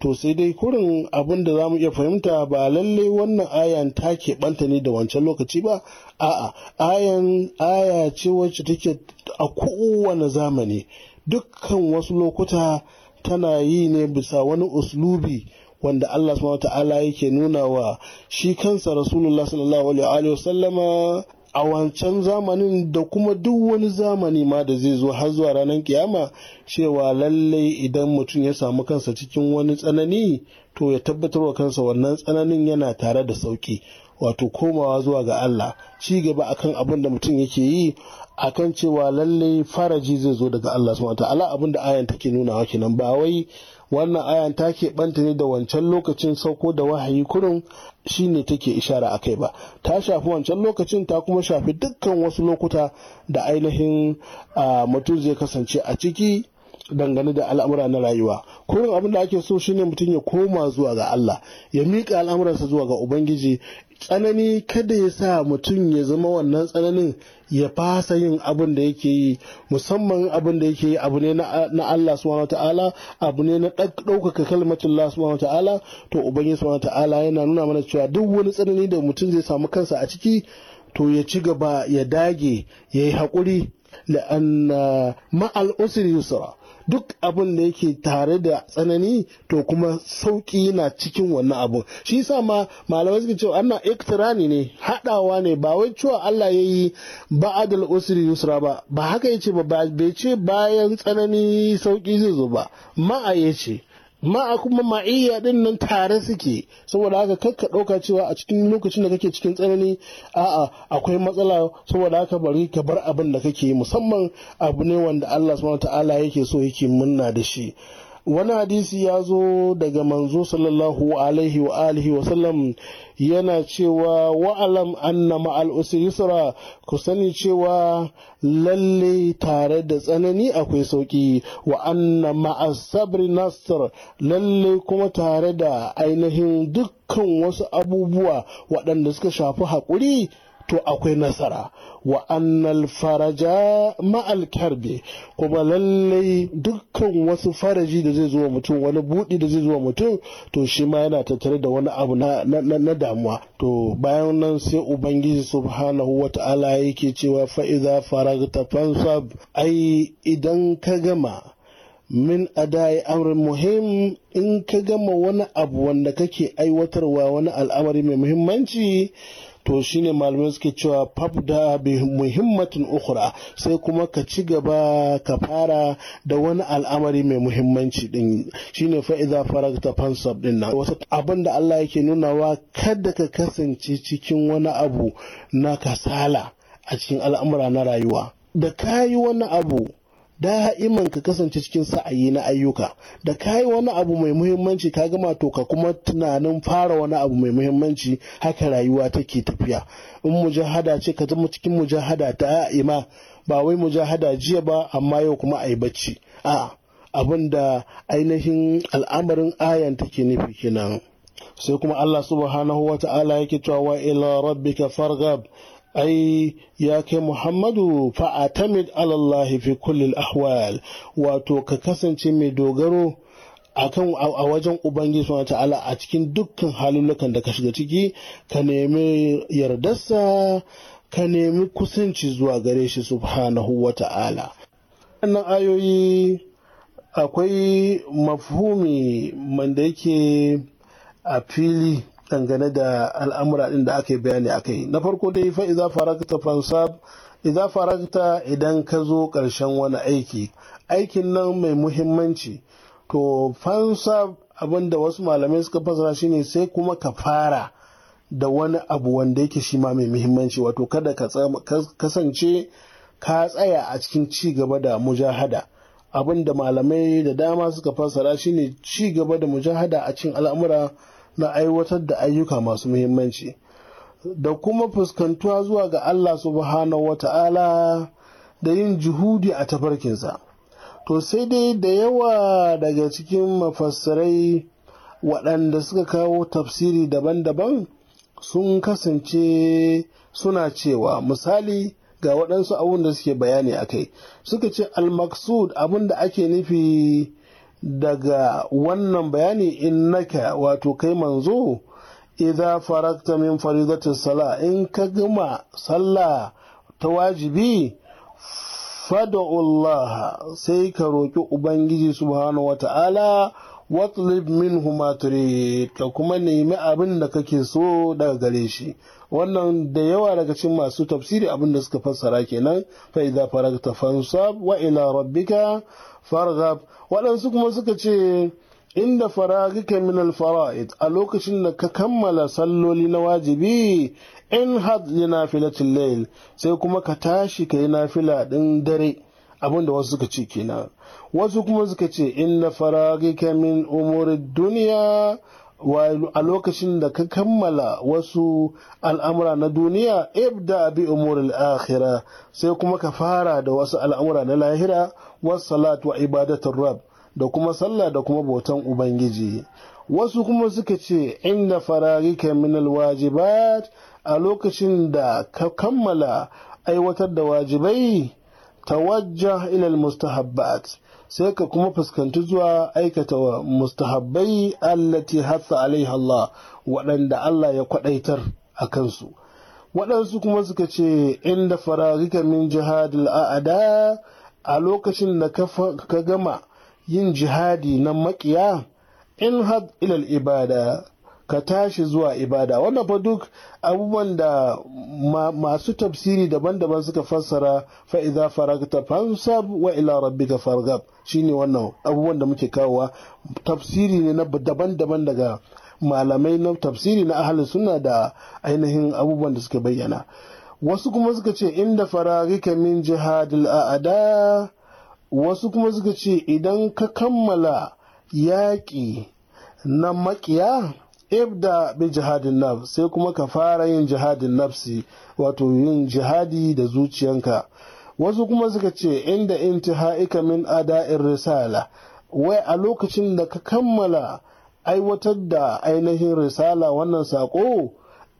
to sai dai kurin abin da za mu iya fahimta ba lallai wannan ayan ta keɓanta ne da wancan lokaci ba a'a ayan aya ce wacce take a kowane zamani dukkan wasu lokuta tana yi ne bisa wani uslubi wanda Allah subhanahu ta'ala yake nuna wa shi kansa rasulullah sallallahu alaihi wasallama a wancan zamanin da kuma duk wani zamani ma da zai zo har zuwa ranar kiyama cewa lallai idan mutum ya samu kansa cikin wani tsanani to ya tabbatar wa kansa wannan tsananin yana tare da sauki wato komawa zuwa ga Allah ci gaba akan abin da mutum yake yi akan cewa lallai faraji zai zo daga Allah subhanahu wataala abin da ayan take nunawa kenan ba wai wannan ayan ta ke keɓanta ne da wancan lokacin sauko da wahayi kurin shine take ishara a kai ba ta shafi wancan lokacin ta kuma shafi dukkan wasu lokuta da ainihin mutum zai kasance a ciki dangane da al'amura na rayuwa kurin abin da ake so shine mutum ya koma zuwa ga Allah ya miƙa al'amuransa zuwa ga Ubangiji tsanani kada ya sa mutum ya zama wannan tsananin ya fasa yin abin da yake yi musamman abin da yake yi abu ne na Allah subhanahu ta'ala abu ne na ɗaukaka kalmacin Allah subhanahu ta'ala to ubangiji subhanahu ta'ala yana nuna mana cewa duk wani tsanani da mutum zai samu kansa a ciki to ya ci gaba ya dage ya yi haƙuri la'anna ma'al usri yusra duk abin da yake tare da tsanani to kuma sauki na cikin wannan abu shi yasa ma malamai suke cewa ana iktirani ne haɗawa ne ba wai cewa Allah ya yi adal usri yusra ba ba haka yace ba bai ce bayan tsanani sauki zai zo ba ma'a yace ma'a kuma ma'iyya din nan tare suke saboda haka kar ka ɗauka cewa a cikin lokacin da kake cikin tsanani a'a akwai matsala saboda haka bari ka bar abin da kake yi musamman abu ne wanda Allah subhanahu ta'ala yake so yake munna da shi wani hadisi ya zo daga manzo sallallahu alaihi wa alihi wa sallam yana cewa wa'alam anna ma'al usri yusra ku sani cewa lalle tare da tsanani akwai sauki wa anna ma'al sabri nasr lalle kuma tare da ainihin dukkan wasu abubuwa waɗanda suka shafi haƙuri to akwai nasara wa annal faraja ma'al karbe kuma lallai dukkan wasu faraji da zai zuwa mutum wani buɗi da zai zuwa mutum to shi ma yana tattare da wani abu na damuwa to bayan nan sai ubangiji subhanahu wa ta'ala yake cewa fa'iza faragta fansab ai idan ka gama min adai amrin muhim in ka gama wani abu wanda kake aiwatarwa wani al'amari mai muhimmanci to shine malamai suke cewa fabda bi muhimmatin ukhra sai kuma ka ci gaba ka fara da wani al'amari mai muhimmanci din shine fa idza faragta fansab din nan wasu abin da Allah yake nunawa kada ka kasance cikin wani abu na kasala a cikin al'amura na rayuwa da kayi wani abu da'iman ka kasance cikin sa'ayi na ayyuka da kayi wani abu mai muhimmanci ka gama to ka kuma tunanin fara wani abu mai muhimmanci haka rayuwa take tafiya in mujahada ce ka zama cikin mujahada ta ima ba wai mujahada jiya ba amma yau kuma yi bacci a'a abin da ainihin al'amarin ayan take nufi kenan sai kuma Allah subhanahu wa ta'ala yake cewa wa ila rabbika farghab ai ya kai muhammadu fa'atamid alallahi fi kullil ahwal wato ka kasance mai dogaro akan a wajen ubangiji suna ta'ala a cikin dukkan halulukan da ka shiga ciki ka nemi yardarsa ka nemi kusanci zuwa gare shi subhanahu wa ta'ala wannan ayoyi akwai mafhumi da yake a fili dangane da al'amura ɗin da aka yi bayani a kai na farko dai fa iza farakta fansab iza farakta idan ka zo ƙarshen wani aiki aikin nan mai muhimmanci to fansab abin da wasu malamai suka fasara shine sai kuma ka fara da wani abu wanda yake shi ma mai muhimmanci wato kada ka kasance ka tsaya a cikin ci gaba da mujahada abin da malamai da dama suka fasara shine ci gaba da mujahada a cikin al'amura na aiwatar da ayyuka masu muhimmanci da kuma fuskantuwa zuwa ga Allah subhanahu wa ta'ala da yin juhudi a tafarkinsa to sai dai da yawa daga cikin mafassarai waɗanda suka kawo tafsiri daban-daban sun kasance suna cewa misali ga waɗansu abun da suke bayani a kai suka ce al-maksud abin da ake nufi daga wannan bayani naka wato kai manzo idza farakta min faridatin sala in ka gama sallah ta wajibi fada'ullah sai ka roki ubangiji subhanahu wata'ala watlib min turid ka kuma nemi abin da kake so daga gare shi wannan da yawa daga cikin masu tafsiri abin da suka fassara kenan fa idza farakta fansab wa ila rabbika farghab waɗansu kuma suka ce inda faragika min alfara'id a lokacin da ka kammala salloli na wajibi in had li fila layl sai kuma ka tashi ka yi nafila ɗin dare abinda wasu suka ce kenan wasu kuma suka ce inda faragika min umurid duniya a lokacin da ka kammala wasu al'amura na duniya ibda bi umuril akhira sai kuma ka fara da wasu al'amura na lahira wassalat wa ibadatar rab da kuma sallah da kuma bautan ubangiji wasu kuma suka ce inda fararika min alwajibat a lokacin da ka kammala aiwatar da wajibai tawajja ila mustahabbat sai ka kuma fuskanci zuwa aikata mustahabbai allati hatsa alaiha Allah waɗanda Allah ya kwaɗaitar a kansu waɗansu kuma suka ce inda fararika min jihadul a'ada a lokacin da ka gama yin jihadi na makiya in had ilal ibada ka tashi zuwa ibada wannan fa duk abubuwan da masu tafsiri daban-daban suka fassara fa'iza faragta fansab wa ila rabbika fargab shine wannan abubuwan da muke kawowa tafsiri ne na daban-daban daga malamai na tafsiri na ahalin suna da ainihin abubuwan da suka bayyana wasu kuma suka ce inda fararika min jihadil a'ada wasu kuma suka ce idan ka kammala yaƙi na maƙiya ibda bi jihadin naf sai kuma ka fara yin jihadin nafsi wato yin jihadi da zuciyanka wasu kuma suka ce inda intiha'ika min ada'in risala wai a lokacin da ka kammala aiwatar da ainihin risala wannan saƙo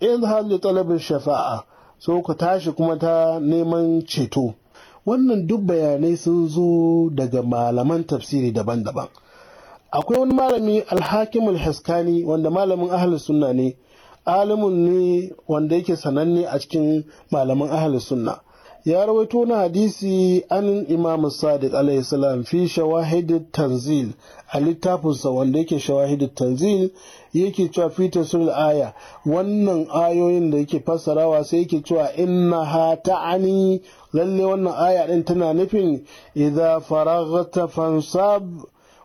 in hali talabin shafa'a so ku tashi kuma ta neman ceto wannan duk bayanai sun zo daga malaman tafsiri daban-daban akwai wani malami alhakimul haskani wanda malamin ahal sunna ne alimun ne wanda yake sananne a cikin malaman ahal sunna ya rawaito na hadisi an imamu sadiq alaihi salam fi shawahid tanzil a littafinsa wanda yake shawahid tanzil yake cewa fi tasul aya wannan ayoyin da yake fassarawa sai yake cewa inna ha ta'ani lalle wannan aya din tana nufin idza faraghta fansab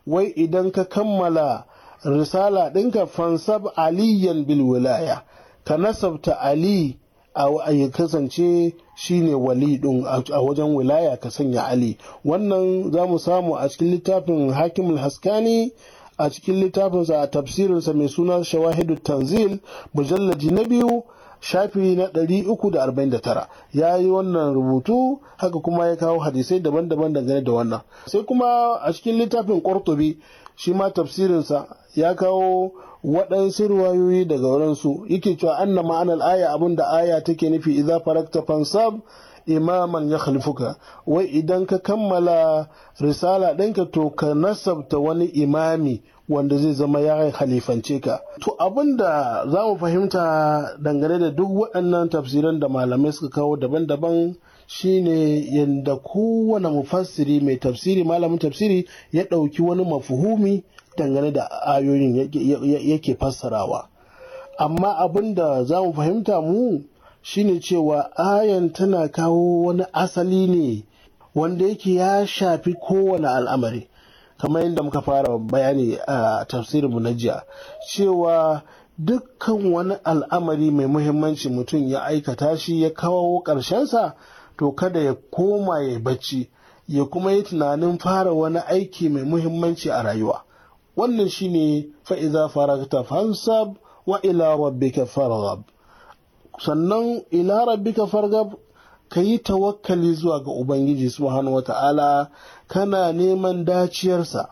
wai idan ka kammala risala ɗinka fansab aliyan bil wilaya ka nasabta ali a kasance shine wali din a wajen wilaya ka sanya ali wannan za mu samu a cikin littafin Hakim haskani a cikin littafinsa a tafsirinsa mai suna shawahidu tanzil mujallaji na biyu shafi na 349 ya yi wannan rubutu haka kuma ya kawo hadisai daban-daban dangane da wannan sai kuma a cikin littafin ƙortobi shi ma tafsirinsa ya kawo waɗansu ruwayoyi daga wurinsu yake cewa anna ma'anar aya abin aya take nufi idza farakta fansab imaman ya khalifuka wai idan ka kammala risala ɗinka to ka nasabta wani imami wanda zai zama ya halifance ka to abin da za mu fahimta dangane da duk waɗannan tafsiran da malamai suka kawo daban-daban shine yadda kowane mufassiri mai tafsiri malamin tafsiri ya ɗauki wani mafuhumi dangane da ayoyin yake fassarawa amma abin da za mu fahimta mu shine cewa ayan tana kawo wani asali ne wanda yake ya shafi kowane al'amari kamar yadda muka fara bayani a tafsirin mu na jiya cewa dukkan wani al'amari mai muhimmanci mutum ya aikata shi ya kawo ƙarshensa to kada ya koma ya bacci ya kuma yi tunanin fara wani aiki mai muhimmanci a rayuwa wannan shine fa'iza faragta fansab wa ila rabbika farghab sannan ila rabbika farghab ka yi tawakkali zuwa ga ubangiji subhanahu wata'ala kana neman daciyarsa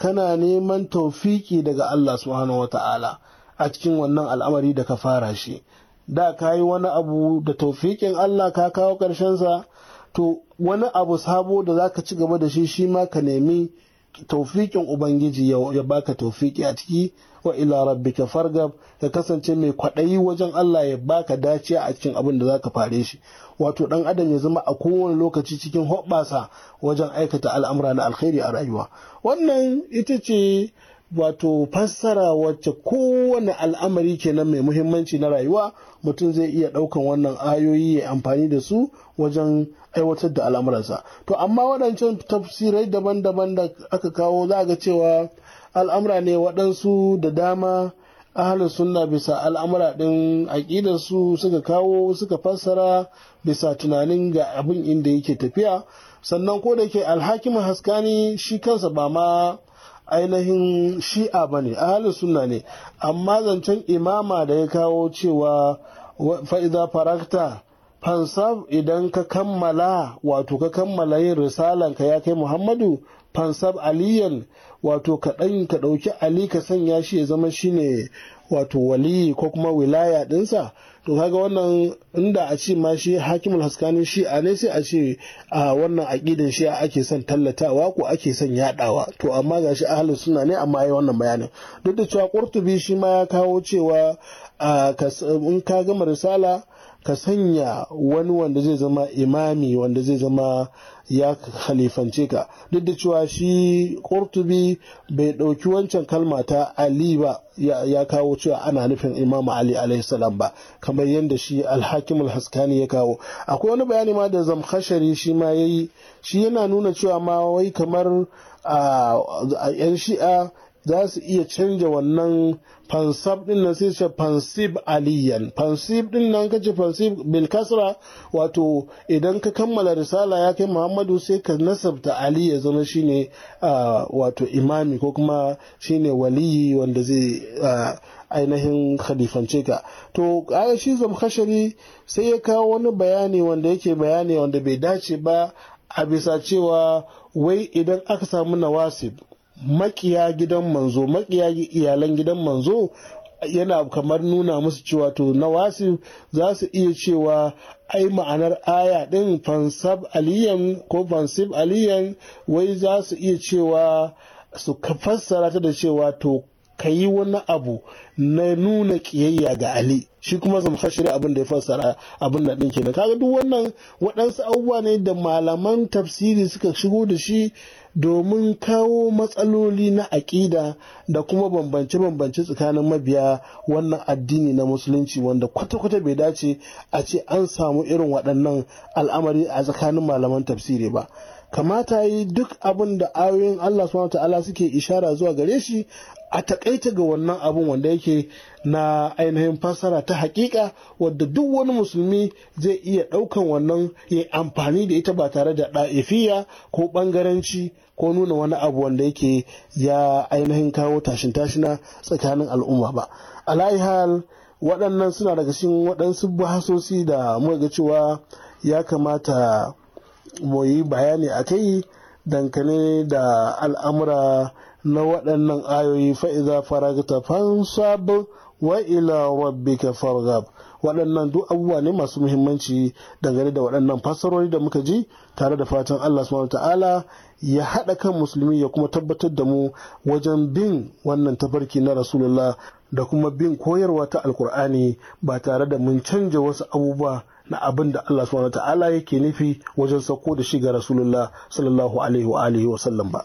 kana neman taufiki daga Allah subhanahu wata'ala a cikin wannan al'amari da ka fara shi da ka yi wani abu da taufiƙin Allah ka kawo ƙarshensa to wani abu sabo da za ka ci gaba da shi shi ma ka nemi taufiƙin Ubangiji ya baka taufiƙi a ciki wa ila rabbika fargab ka kasance mai kwaɗayi wajen Allah ya baka dace a cikin abin da za ka fare shi wato ɗan adam ya zama a kowane lokaci cikin hoɓɓasa wajen aikata al'amura na alkhairi a rayuwa wannan ita ce wato fassara wacce kowane al'amari kenan mai muhimmanci na rayuwa mutum zai iya ɗaukan wannan ayoyi ya amfani da su wajen aiwatar da al'amuransa to amma waɗancan tafsirai daban-daban da aka kawo za ga cewa al'amura ne waɗansu da dama ahalin sunna bisa al'amura ɗin aƙidarsu suka kawo suka fassara bisa tunanin ga abin inda yake tafiya sannan ko da ke alhakimin haskani shi kansa ba ma ainihin shi'a ba ne ahalin sunna ne amma zancen imama da ya kawo cewa fa'iza farakta fansab idan ka kammala wato ka kammala yin risalanka ya kai muhammadu fansab aliyan wato ka ɗan ka ɗauki ali ka sanya shi ya zama shine wato waliyi ko kuma wilaya ɗinsa to kaga wannan inda a ce ma shi hakimul haskani shi a ne sai a ce a wannan aƙidin shi ake son tallatawa ko ake son yaɗawa to amma gashi shi ahalin suna ne amma ya wannan bayanin duk da cewa qurtubi shi ma ya kawo cewa in ka gama risala ka sanya wani wanda zai zama imami wanda zai zama ya halifance ka duk da cewa shi kurtubi bai ɗauki wancan kalma ta ali ba ya kawo cewa ana nufin imamu ali alaihissalam ba kamar yadda shi alhakim alhaskani ya kawo akwai wani bayani ma da zamkashari shi ma ya yi shi yana nuna cewa ma wai kamar a 'yan shi'a za su iya canja wannan fansab din nan sai ce fansib aliyan fansib din nan kace fansib bil kasra wato idan ka kammala risala ya kai muhammadu sai ka nasabta ali ya zama shine wato imami ko kuma shine waliyi wanda zai ainihin khalifance ka to kaga shi zamkhashari sai ya kawo wani bayani wanda yake bayani wanda bai dace ba a bisa cewa wai idan aka samu nawasib makiya gidan manzo makiya iyalan gidan manzo yana kamar nuna musu cewa to na wasu za su iya cewa ai ma'anar aya din fansab aliyan ko fansib aliyan wai za su iya cewa su fassara ta da cewa to ka yi wani abu na nuna kiyayya ga Ali shi kuma zamfashiri abin da ya fassara abin da ɗin kenan kaga duk wannan waɗansu abubuwa ne da malaman tafsiri suka shigo da shi domin kawo matsaloli na aƙida da kuma bambance-bambance tsakanin mabiya wannan addini na musulunci wanda kwata-kwata bai dace a ce an samu irin waɗannan al'amari a tsakanin malaman tafsiri ba kamata yi duk abin da ayoyin Allah subhanahu suke ishara zuwa gare shi a takaita ga wannan abun wanda yake na ainihin fassara ta hakika wadda duk wani musulmi zai iya ɗaukan wannan ya amfani da ita ba tare da ɗa'ifiya ko ɓangaranci ko nuna wani abu wanda yake ya ainihin kawo tashin tashina tsakanin al'umma ba alaihal waɗannan suna daga cikin waɗansu bahasosi da muka cewa ya kamata mu yi bayani a kai dankane da al'amura na waɗannan ayoyi fa'iza faragta fansab wa ila rabbika waɗannan duk abubuwa ne masu muhimmanci dangane da waɗannan fassarori da muka ji tare da fatan Allah subhanahu ta'ala ya haɗa kan musulmi ya kuma tabbatar da mu wajen bin wannan tafarki na rasulullah da kuma bin koyarwa ta alkur'ani ba tare da mun canja wasu abubuwa na abin da Allah subhanahu ta'ala yake nufi wajen sauko da shi ga rasulullah sallallahu ba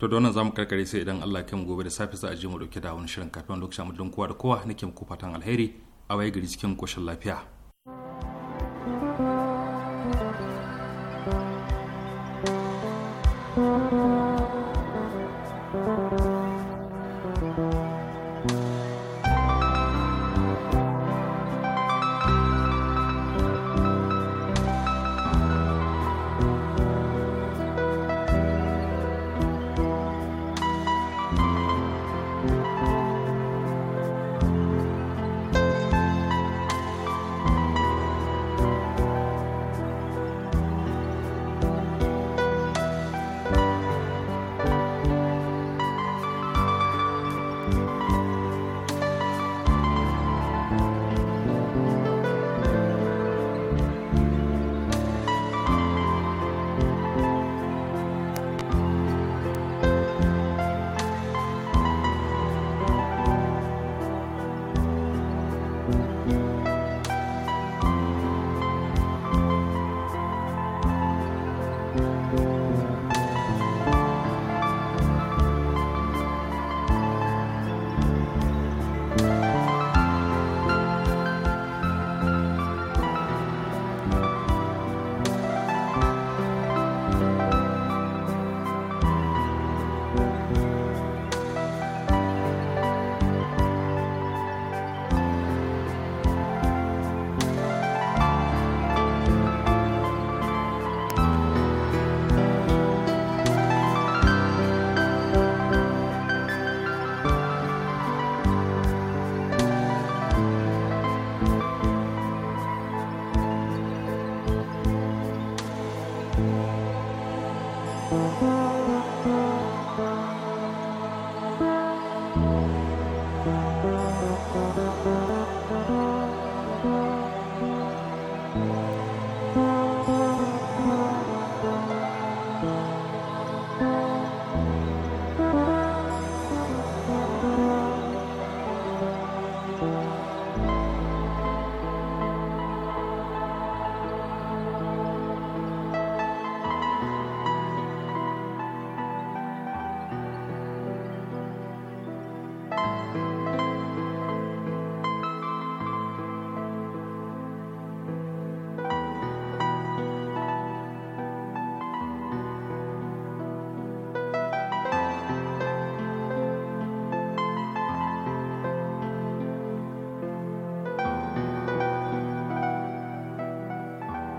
to da wannan zamu karkare sai idan Allah ya gobe da safe za a je mu dauke da wani shirin kafin lokacin mu kowa da kowa nake muku fatan alheri a waye gari cikin koshin lafiya